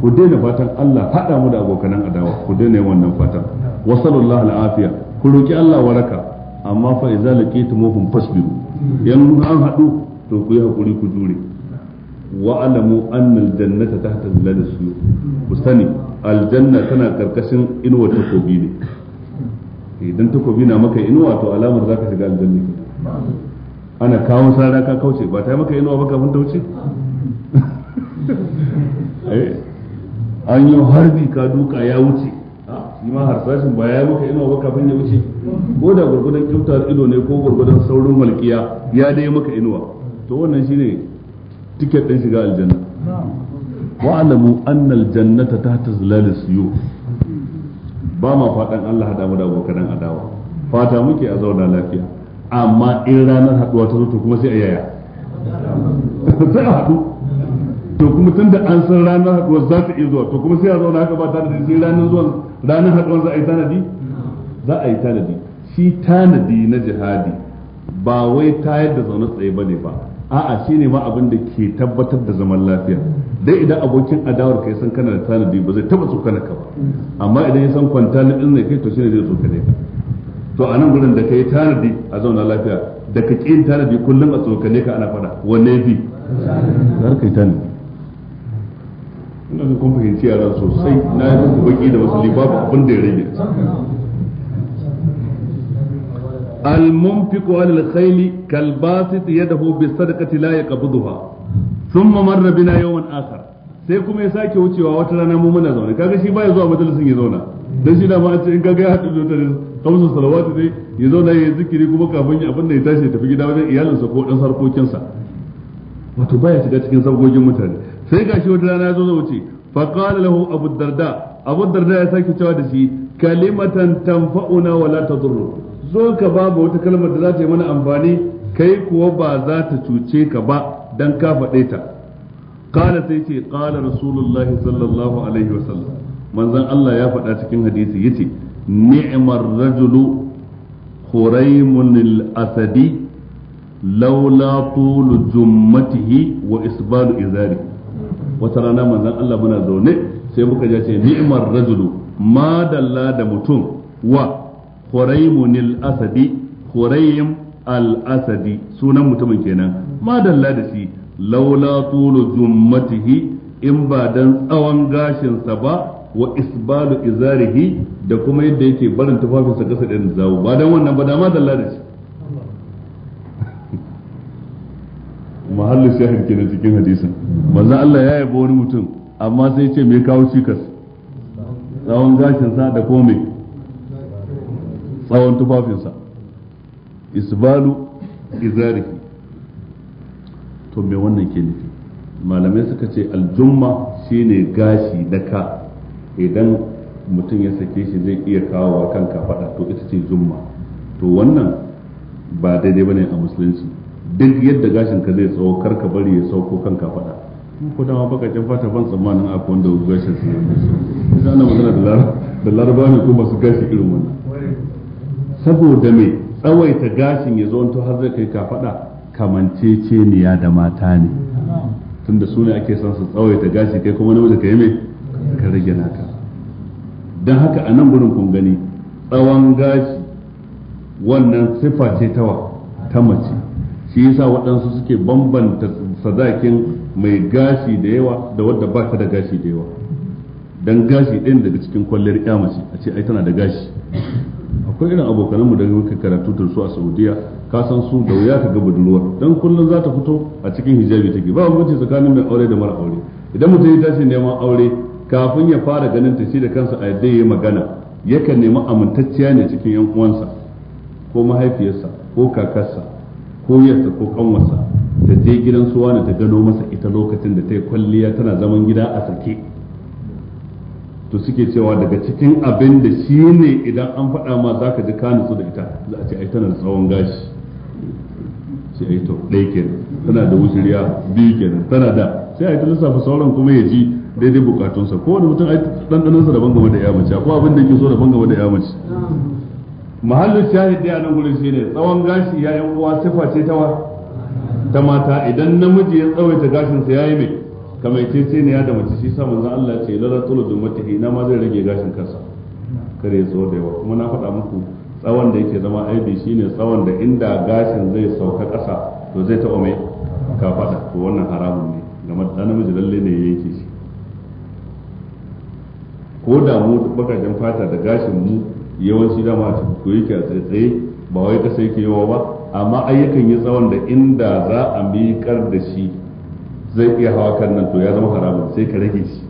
ku daina fatan Allah hada mu da abokanan adawa ku daina wannan fatan wa sallallahu afiya ku roki Allah waraka amma fa idza laqitumuhum fasbiru yan an hadu to ku yi hakuri ku jure wa alamu anna al jannata tahta zilal suyu ku sani al janna tana karkashin inuwa takobi ne idan takobi na maka inuwa to alamar zaka shiga aljanna kenan ana kawo sara ka kauce ba ta yi maka inuwa ba kafin ta wuce [LAUGHS] eh, an yi harbi ka duka ya wuce ah, shi ma harsashin ba ya maka inuwa ba kafin ya wuce ko da gurgudan kyautar ido ne ko gurgudan saurin malkiya ya dai maka inuwa to wannan shine tiket ɗin shiga aljanna wa'alamu annal jannata tahta zilalis suyuf ba ma faɗan Allah hada mu da abokan adawa fata muke a zauna lafiya amma in ranar haduwa ta zo to kuma sai a yaya [LAUGHS] sai a haɗu to kuma tun da an san ranar haduwa za ta iya zuwa to kuma sai a zauna haka ba tanadi sai ranar zuwan ranar haduwa za a yi tanadi za a yi tanadi shi tanadi na jihadi ba wai tayar da zaune tsaye ba ne ba a'a ne ma abin da ke tabbatar da zaman lafiya dai idan abokin adawar ya san kana da tanadi ba zai taba tsokana ka ba amma idan ya san kwanta na ɗin ne kai to shi ne zai tsokane ka to a nan gurin da ka yi tanadi a zauna lafiya da ka ƙin tanadi kullum a tsokane ka ana faɗa wanne fi har kai tanadi ina ga kuma fahimci yara sosai na yi muku baki da wasu libabu abin da ya rage المنفق على الخيل كالباسط يده بالصدقة لا يقبضها ثم مر بنا يوما آخر sai kuma ya sake wucewa wata rana mu muna zaune kaga shi ba ya zuwa majalisin ya zauna dan shi da ma in kaga ya haɗu da kamsu salawatu dai ya zauna ya zikiri kuma kafin ya abin da ya tashi ya tafi gida wajen iyalinsa ko ɗan sarkokinsa. wato baya shiga cikin sarkokin mutane sai gashi wata rana ya zo zai wuce fa qala lahu abu darda abu darda ya sake cewa da shi kalimatan tanfa'una wala tadurru zo ka babu wata kalmar da za ta yi mana amfani kai kuwa ba za ta cuce ka ba dan ka faɗe ta sai ce qala rasulullahi sallallahu alaihi wasallam manzon Allah ya faɗa cikin hadisi yace Ni'imar rajulu khuraimun asadi laula tulu jummatihi wa isbalu izari wata rana manzon Allah muna zaune sai muka ja ce ni'mar rajulu ma dalla da mutum wa khuraimun asadi khuraim al-asadi sunan mutumin kenan ma dalla da shi laula tulu jummatihi in ba dan tsawon gashinsa ba wa isbalu izarihi da kuma yadda yake barin tufafinsa kasa ɗin zawo ba don wannan ba dama dalla da shi [LAUGHS] mahallu shahid na cikin hadisin manzon Allah ya yaba wani mutum amma sai ce me kawo cikas tsawon gashinsa da kome tsawon tufafinsa isbalu izariki to me wannan ke nufi malamai suka ce aljumma shine gashi da ka idan mutum ya sake shi zai iya kawo kan kafaɗa to ita ce zumma to wannan ba daidai bane a musulunci duk yadda gashin ka zai tsawo kar ka bari ya sauko kan kafaɗa ko dama jin fata ban tsammanin a wanda gashin su yanzu ana magana da laraba ne ko masu gashi irin wannan saboda me tsawaita gashin ya zo har zai kai kafaɗa kamanceceniya da mata ne tunda su ake son su tsawaita gashi kai kuma namiji ka yi mai ka rage naka don haka a nan gurin kun tsawon gashi wannan siffa ce tawa ta mace shi yasa waɗansu suke bambanta sadakin mai gashi da yawa da wadda ba ta da gashi da yawa don gashi ɗin daga cikin kwalliyar ya mace a ce ai tana da gashi akwai irin abokananmu da muka karatu da su a saudiya ka san su da wuya ka ga budurwar don kullum za ta fito a cikin hijabi take ba bambanci tsakanin mai aure da mara aure idan mutum ya tashi neman aure kafin ya fara ganin ta shi da kansa a yadda yi magana yakan nemi amintacciya ne cikin yan uwansa ko mahaifiyarsa ko kakarsa ko yarsa ko kanwarsa Da je gidan su wani ta gano masa ita lokacin da ta yi kwalliya tana zaman gida a sake to suke cewa daga cikin abin da shi ne idan an faɗa ma za ka ji ka nutsu da ita za a ce ai tana da tsawon gashi sai ai to ɗaya kenan tana da wushiriya biyu kenan tana da sai a yi ta lissafa sauran kuma ya ji daidai bukatunsa ko wani mutum ɗanɗanonsa daban game da ya mace ko abin da ke so daban game da ya mahallin shahid shahidi a nan gurin ne tsawon gashi ya yi uwa sifa ce ta ta mata idan namiji ya tsawaita gashinsa ya yi mai kamar ce ce ne ya da mace shi sa manzon Allah ce lalla tulu dummatihi na ma zai rage gashin kansa kare zo da yawa kuma na faɗa muku tsawon da yake zama aibi shine tsawon da inda gashin zai sauka ƙasa to zai taɓa mai kafaɗa to wannan haramun ne game namiji lalle ne ya yanke shi ko da mu bakajen fata da gashin mu yawanci dama a cikin koyi ke a tsaye ba wai ka sai ke yawa ba amma ayyukan yi tsawon da inda za a miƙar da shi zai iya hawa kan nan to ya zama haramun sai ka rage shi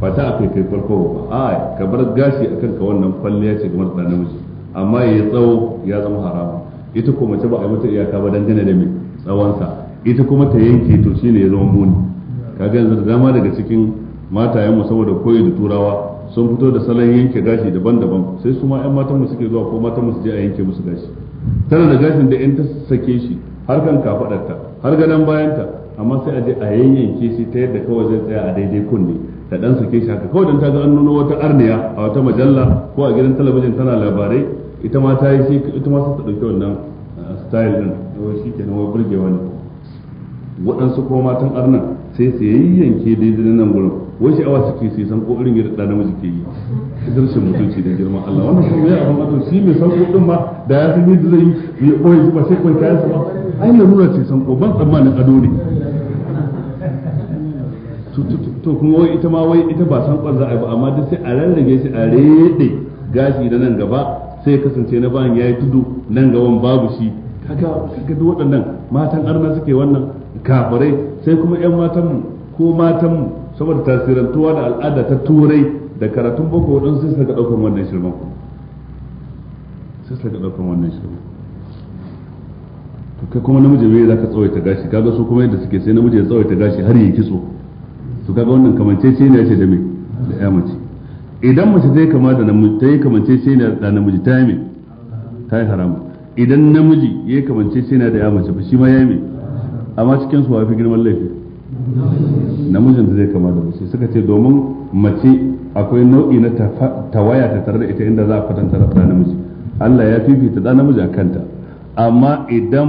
ba ta kai farko ba a ka bar gashi akan ka wannan kwalliya ce kamar da namiji amma ya tsawo ya zama haramun ita kuma ce ba a yi mata iyaka ba dangane da mai tsawonsa ita kuma ta yanke to ne ya zama muni kaga yanzu da dama daga cikin matayen mu saboda koyi da turawa sun fito da salon yanke gashi daban-daban sai su ma yan matan mu suke zuwa ko matan mu su je a yanke musu gashi tana da gashin da in ta sake shi har kan kafadarta har gadon bayanta amma sai a je a yanyanke shi ta yadda kawai zai tsaya a daidai kunne ta dan sake shi haka kawai dan ta ga an nuno wata arniya a wata majalla ko a gidan talabijin tana labarai ita ma ta yi shi ita ma sai ta dauki wannan ah, style din wai shi kenan wai burge wani waɗansu ko matan arnan sai su yayyanke daidai nan gurin wai awa suke sai san ko irin yadda da namiji ke yi ita rashin mutunci da girman Allah wannan kuma ya abin ato shi mai sanko din ma da ya san yadda zai yi ɓoye shi ba sai kwan ya su ba ai nuna ce sanko ban tsammanin ado ne to kuma wai ita ma wai ita ba sankon za a yi ba amma duk sai a rarrage shi a rede gashi da nan gaba sai kasance na bayan ya yi tudu nan gaban babu shi kaga kaga waɗannan matan arna suke wannan kafirai sai kuma yan matanmu ko matanmu saboda tasirantuwa da al'ada ta turai da karatun boko waɗansu sai suka ɗaukan wannan shirman sai suka ɗaukan wannan shirman to kai kuma namiji za zaka tsawaita gashi kaga su kuma yadda suke sai namiji ya tsawaita gashi har yi kitso to kaga wannan ce ne yace da me da ya mace idan mace ta yi kama da namiji ta yi ce ne da namiji ta yi me ta yi haramu idan namiji ya yi ce ne da ya mace ba shi ma ya yi me amma cikin su wafi girman laifi namijin da zai kama da mace suka ce domin mace akwai nau'i na tawaya ta tare da ita inda za a kwatanta da fara namiji Allah ya fifita da namiji a kanta amma idan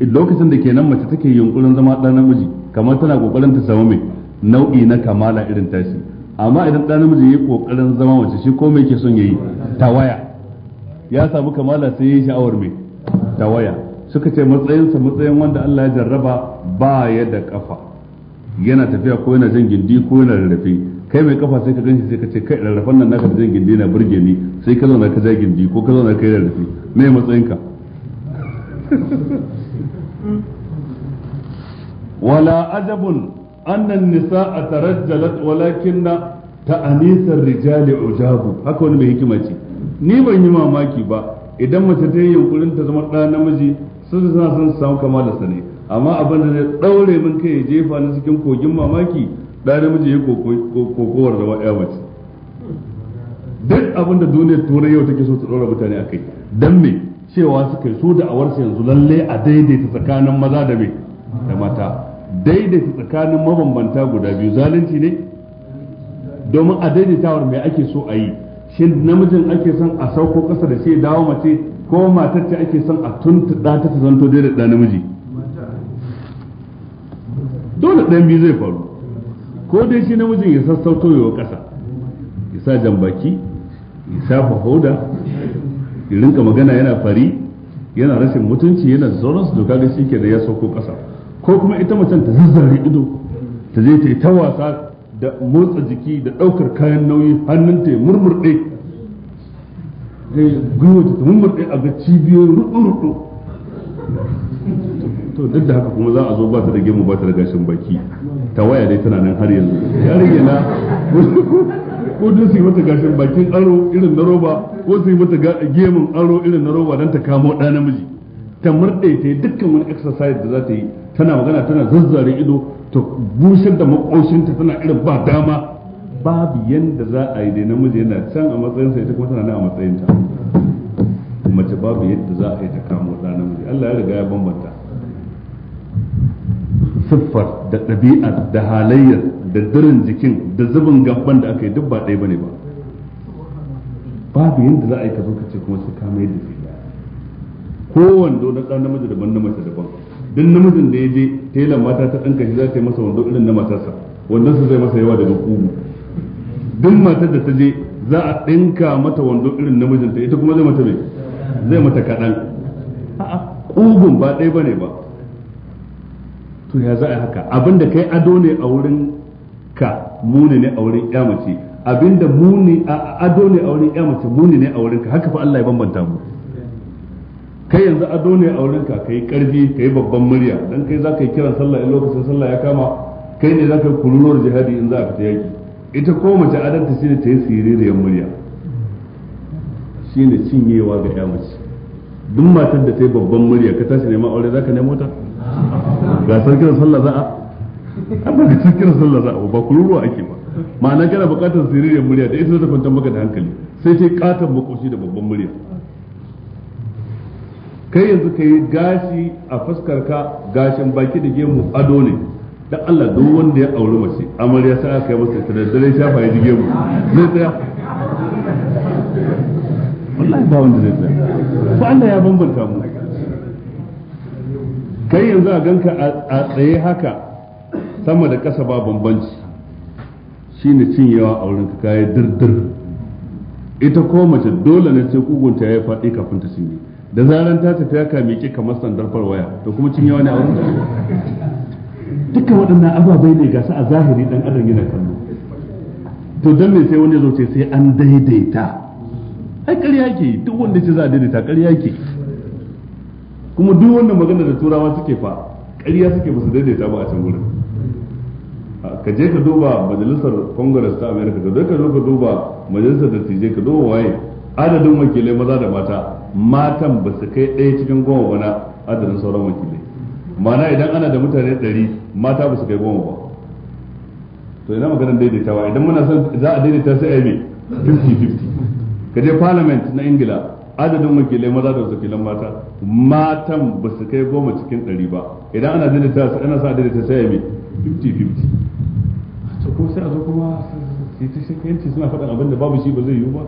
lokacin da kenan mace take yunkurin zama da namiji kamar tana kokarin ta samu mai nau'i na kamala irin tashi amma idan da namiji ya yi kokarin zama mace shi ko me ke son ya yi? tawaya ya samu kamala sai ya yi sha'awar mai tawaya suka ce matsayinsa matsayin wanda Allah ya jarraba ba ya da kafa yana tafiya ko yana jan gindi ko yana rarrafe kai mai kafa sai ka ganshi sai ka ce kai rarrafen nan naka jin gindi na burge ni sai ka zauna ka ja gindi ko ka zauna kai rarrafe me matsayinka wala ajabun annan nisa'a tarajjalat walakinna ta'anisar rijali ujabu haka wani mai hikima ce ni ban yi mamaki ba idan mace ta yi yunkurin ta zama ɗa namiji su suna son su samu da sane amma abin da zai ɗaure min kai ya jefa na cikin kogin mamaki ɗaya namiji ya kokowar da ya mace duk abin da duniyar turai yau take so ta ɗora mutane a kai don me cewa su kai so da awarsa yanzu lallai a daidaita tsakanin maza da me da mata daidaita tsakanin mabambanta guda biyu zalunci ne domin a daidaitawar mai ake so a yi shin namijin ake son a sauko ƙasa da shi ya dawo mace ko matar ce ake son a tuntuɗa ta ta zanto da da namiji dole ɗan biyu zai faru ko dai shi namijin ya sassauto yawa ƙasa ya sa jambaki ya sa hoda ya rinka magana yana fari yana rashin mutunci yana sauransu doka da shi ke da ya sauko ƙasa ko kuma ita macen ta zazzare ido ta je ta yi ta wasa da motsa jiki da ɗaukar kayan nauyi ta ya murmurɗe gwiwa ta mummurɗe a ga cibiyoyin rudu-rudu to duk da haka kuma za a zo ba ta da gemu ba ta da gashin baki ta waya dai tana nan har yanzu ya rage na ko dun su yi mata gashin bakin aro irin na roba ko su yi mata gemun aro irin na roba don ta kamo ɗa namiji ta murɗe ta yi dukkan wani exercise da za ta yi tana magana tana zazzare ido ta bushe da makoshinta tana irin ba dama babu yadda za a yi dai namiji yana can a matsayin sa ita kuma tana nan a matsayin ta, mace babu yadda za a yi ta kamo da namiji Allah ya riga ya bambanta siffar da ɗabi'ar da halayyar da dirin jikin da zubin gaban da aka yi duk ba ɗaya bane ba babu yadda za a yi ka zo ce kuma su ka mai da shi ko wando na ɗan namiji daban na mace daban duk namijin da ya je telan mata ta ɗan shi za ta yi masa wando irin na matarsa wannan su zai masa yawa daga kugu duk matar da ta je za a ɗinka mata wando irin namijinta ita kuma zai mata mai zai mata kaɗan ƙugun ba ɗaya ba ne ba to ya za a haka abinda kai ado ne a wurin ka muni ne a wurin ya mace abinda muni a ado ne a wurin ya mace muni ne a wurin ka haka fa Allah ya bambanta mu kai yanzu ado ne a wurin ka kai karfi kai babban murya dan kai za ka yi kiran sallah in lokacin sallah ya kama kai ne za ka yi kururuwar jihadi in za a fita yaki ita ko mace adalta shine ta yi siririyar murya shine cinyewa ga ya mace duk matar da ta yi babban murya ka tashi neman aure ka nemo ta gasar kiran sallah za a an ba cikin kiran sallah za a ba ruwa ake ba ma'ana kana buƙatar siririyar murya da ita ta kwanta maka da hankali sai ta katon makoshi da babban murya kai yanzu ka yi gashi a fuskar ka gashin baki da gemu ado ne da Allah duk wanda ya auri mace amarya sai aka yi masa ta da dare shafa ya jige mu zai tsaya wallahi ba wanda zai tsaya ko Allah ya bambanta mu kai yanzu a ganka a tsaye haka sama da kasa ba bambanci shine cinyewa a wurin ka kai dirdir ita ko mace dole ne sai kugunta ya faɗi kafin ta cinye da zaran ta tafi haka miƙe kamar sandar farwaya to kuma cin yawa ne a wurin dukkan waɗannan ababai ne ga su a zahiri dan adam yana kallo to don ne sai wani zoce sai an daidaita ai ƙarya ke duk wanda ce za a daidaita ƙarya ke kuma duk wannan magana da turawa suke fa ƙarya suke ba su daidaita ba a can wurin ka je ka duba majalisar congress ta america ka ka zo ka duba majalisar dattijai ka duba waye adadin wakilai maza da mata matan ba su kai ɗaya cikin goma ba na adadin sauran wakilai ma'ana idan ana da mutane ɗari mata ba su kai goma ba to ina maganar daidaitawa idan muna son za a daidaita sai a yi 50-50 ka je parliament na ingila adadin wakilai maza da wakilan mata matan ba su kai goma cikin ɗari ba idan ana daidaita sai ana sa daidaita sai a yi 50-50 to kuma sai a zo kuma sai ta shi suna faɗin abin da babu shi ba zai yiwu ba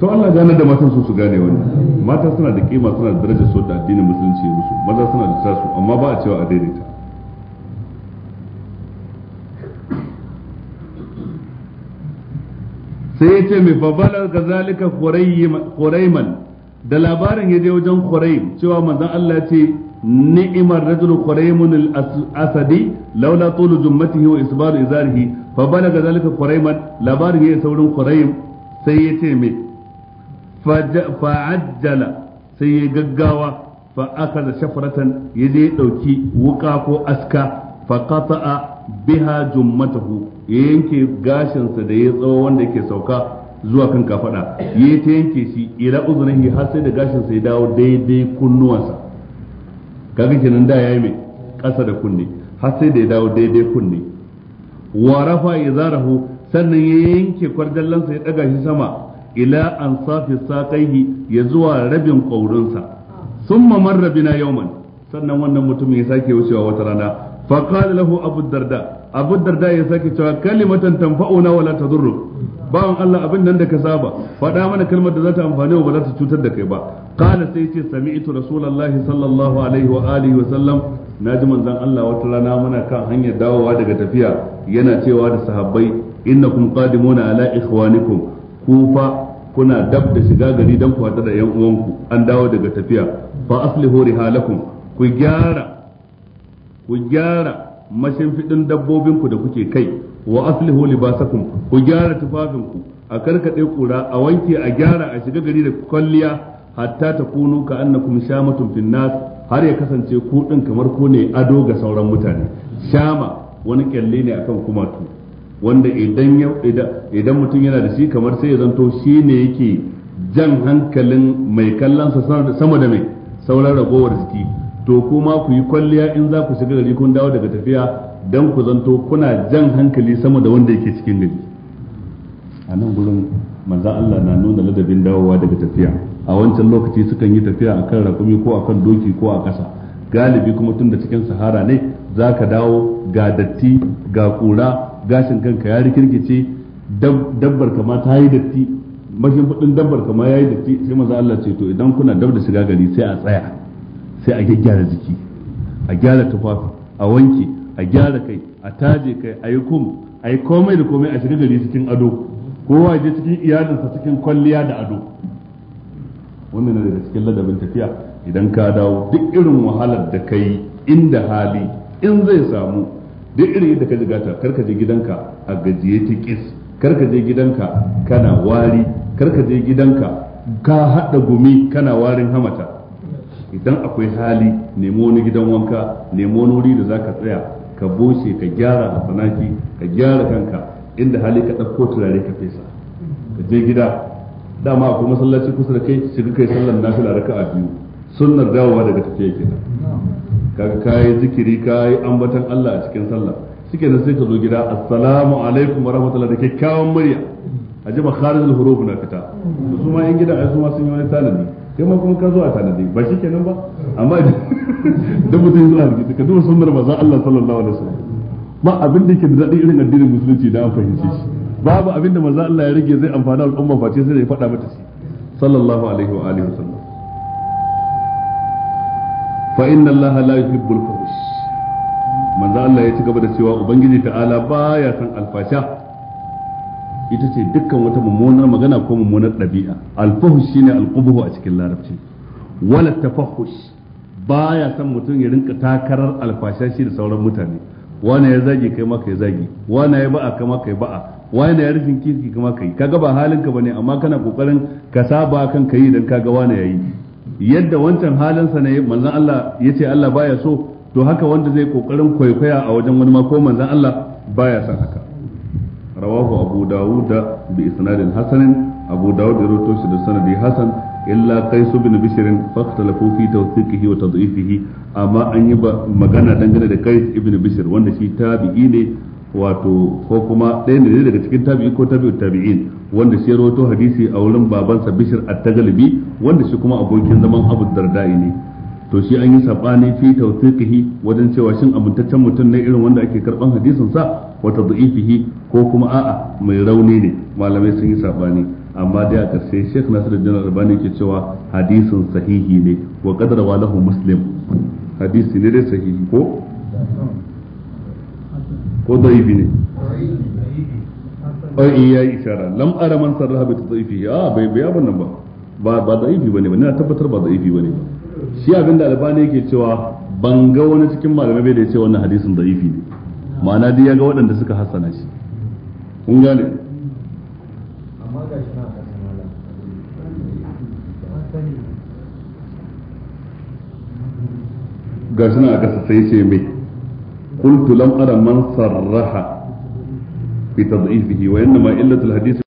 to Allah gane da matan su su gane wannan mata suna da kima suna da daraja su da addinin musulunci musu maza suna da tasu amma ba a cewa a daidaita sai ya ce mai babbalar ga zalika khuraiman da labarin ya je wajen khuraim cewa manzan Allah ce ni'imar rajul khuraimun asadi laula tulu jummatihi wa isbaru izarihi ga zalika khuraiman labarin ya yi saurin khuraim sai ya ce mai fa'ajjala sai ya gaggawa fa akhadha da yaje ya dauki wuka ko aska fa qata'a biha jummatahu ya yanke gashinsa da ya tsawo wanda yake sauka zuwa kan kafada ya ta yanke shi ila uzunihi har sai da gashinsa ya dawo daidai kunnuwansa kaga kenan da yayi mai kasa da kunne har sai da ya dawo daidai kunne wa rafa izarahu sannan ya yanke kwarjallansa ya daga shi sama ila an safi saƙaihi ya zuwa rabin ƙaurinsa sun mamar rabina yauman sannan wannan mutumin ya sake wucewa wata rana faƙali lahu abu darda abu darda ya sake cewa kalimatan tanfa'una wala tadurru bawan Allah abin nan da ka saba faɗa mana kalmar da za ta amfani ba za ta cutar da kai ba qala sai ce sami'tu rasulullahi sallallahu alaihi wa alihi wa sallam naji manzon Allah wata rana muna kan hanyar dawowa daga tafiya yana cewa da sahabbai innakum qadimuna ala ikhwanikum ku fa kuna dab da shiga gari dan ku da yan uwanku an dawo daga tafiya fa aslihu rihalakum ku gyara ku gyara mashimfidin dabbobin ku da kuke kai wa aslihu libasakum ku gyara tufafinku a karkade kura a wanke a gyara a shiga gari da kwalliya hatta takunu ka annakum shamatun finnas har ya kasance ku din kamar ku ne ado ga sauran mutane shama wani kyalle ne akan kumatu wanda idan idan mutum yana da shi kamar sai ya zanto shi ne yake jan hankalin mai kallonsa sama da mai sauran ragowar jiki to kuma ku yi kwalliya in za ku shiga gari kun dawo daga tafiya don ku zanto kuna jan hankali sama da wanda yake cikin gari a nan gurin manzan Allah na nuna ladabin dawowa daga tafiya a wancan lokaci sukan yi tafiya a kan rakumi ko a kan doki ko a ƙasa galibi kuma tun da cikin sahara ne za ka dawo ga datti ga ƙura gashin kanka ya rikirkice dabbar kama ta yi datti mashin fudin dabbar kama ya yi datti sai maza Allah ce to idan kuna dab da shiga gari sai a tsaya sai a gyaggyara jiki a gyara tufafi a wanke a gyara kai a taje kai a yi kum a yi komai da komai a shiga gari cikin ado kowa je cikin iyalinsa cikin kwalliya da ado wannan na daga cikin ladabin tafiya idan ka dawo duk irin wahalar da kai inda hali in zai samu duk irin yadda ka jigata kar ka je gidanka a gajiye ta kis kar je gidanka kana wari karka je gidanka ka hada gumi kana warin hamata idan akwai hali nemo wani gidan wanka nemo wani wuri da zaka tsaya ka bushe ka gyara a tsanaki ka gyara kanka inda hali ka ɗauko turare ka fesa ka je gida dama akwai masallaci kusa da kai shiga kai sallar nafila raka'a biyu sunnar dawowa daga tafiya kenan kaga kayi zikiri ka kayi ambatan Allah a cikin sallah suke nan sai ka zo gida assalamu alaikum wa rahmatullahi da kyakkyawan murya a ji makharijul huruf na fita su ma yan gida a su ma sun yi wani tanadi kai ma kuma ka zo a tanadi ba shi kenan ba amma [LAUGHS] da mutum zuwa da ka duba sunnar za Allah sallallahu alaihi wasallam ba abin da ke da daɗi irin addinin musulunci da an fahimci. shi babu abin da manzo Allah ya rage zai amfana al'umma face sai ya faɗa mata shi sallallahu alaihi wa alihi wasallam fa inna allaha la yuhibbul fuhus manzo Allah ya ci gaba da cewa ubangiji ta'ala baya san alfasha ita ce dukkan wata mummunar magana ko mummunar ɗabi'a alfahush shine alqubuhu a cikin larabci wala tafahush baya san mutum ya rinka takarar alfasha shi da sauran mutane wani ya zagi kai maka ya zagi wani ya ba'a kai maka ya ba'a wani ya rufin kirki kai maka yi kaga ba halinka bane amma kana kokarin ka saba kan kai dan kaga wani yayi yadda wancan halinsa ne manzon Allah ya ce Allah baya so to haka wanda zai kokarin kwaikwaya a wajen wani ma ko manzon Allah baya son haka rawahu abu dawud bi isnadin hasanin abu dawud ya rawaito shi da sanadi hasan illa su bin bishr faqtalafu fi tawthiqihi wa tad'ifihi amma an yi magana dangane da qais ibn bishr wanda shi tabi'i ne wato ko kuma ɗaya ne daga cikin tabi'i ko tabi'ut tabi'in wanda shi rawaito hadisi a wurin babansa Bishir at tagalibi wanda shi kuma abokin zaman Abu Darda'i ne to shi an yi sabani fi tawthiqihi wajen cewa shin amintaccen mutum ne irin wanda ake karban hadisin sa wa da'ifihi ko kuma a'a mai rauni ne malamai sun yi sabani amma dai a karshe Sheikh Nasiruddin Albani ke cewa hadisin sahihi ne wa qadara walahu muslim hadisi ne dai sahihi ko ko da'ifi ne ai in yi isharar lam ara man sarraha bi tadhifi a bai bai abin nan ba ba ba da'ifi bane ba ina tabbatar ba da'ifi bane ba shi abin da albani yake cewa ban ga wani cikin malamai bai da ya ce wannan hadisin da'ifi ne ma'ana dai ya ga waɗanda suka hassana shi kun gane ga na a ƙasa sai ce mai قلت لم أرى من صرح بتضعيفه وإنما إلة الحديث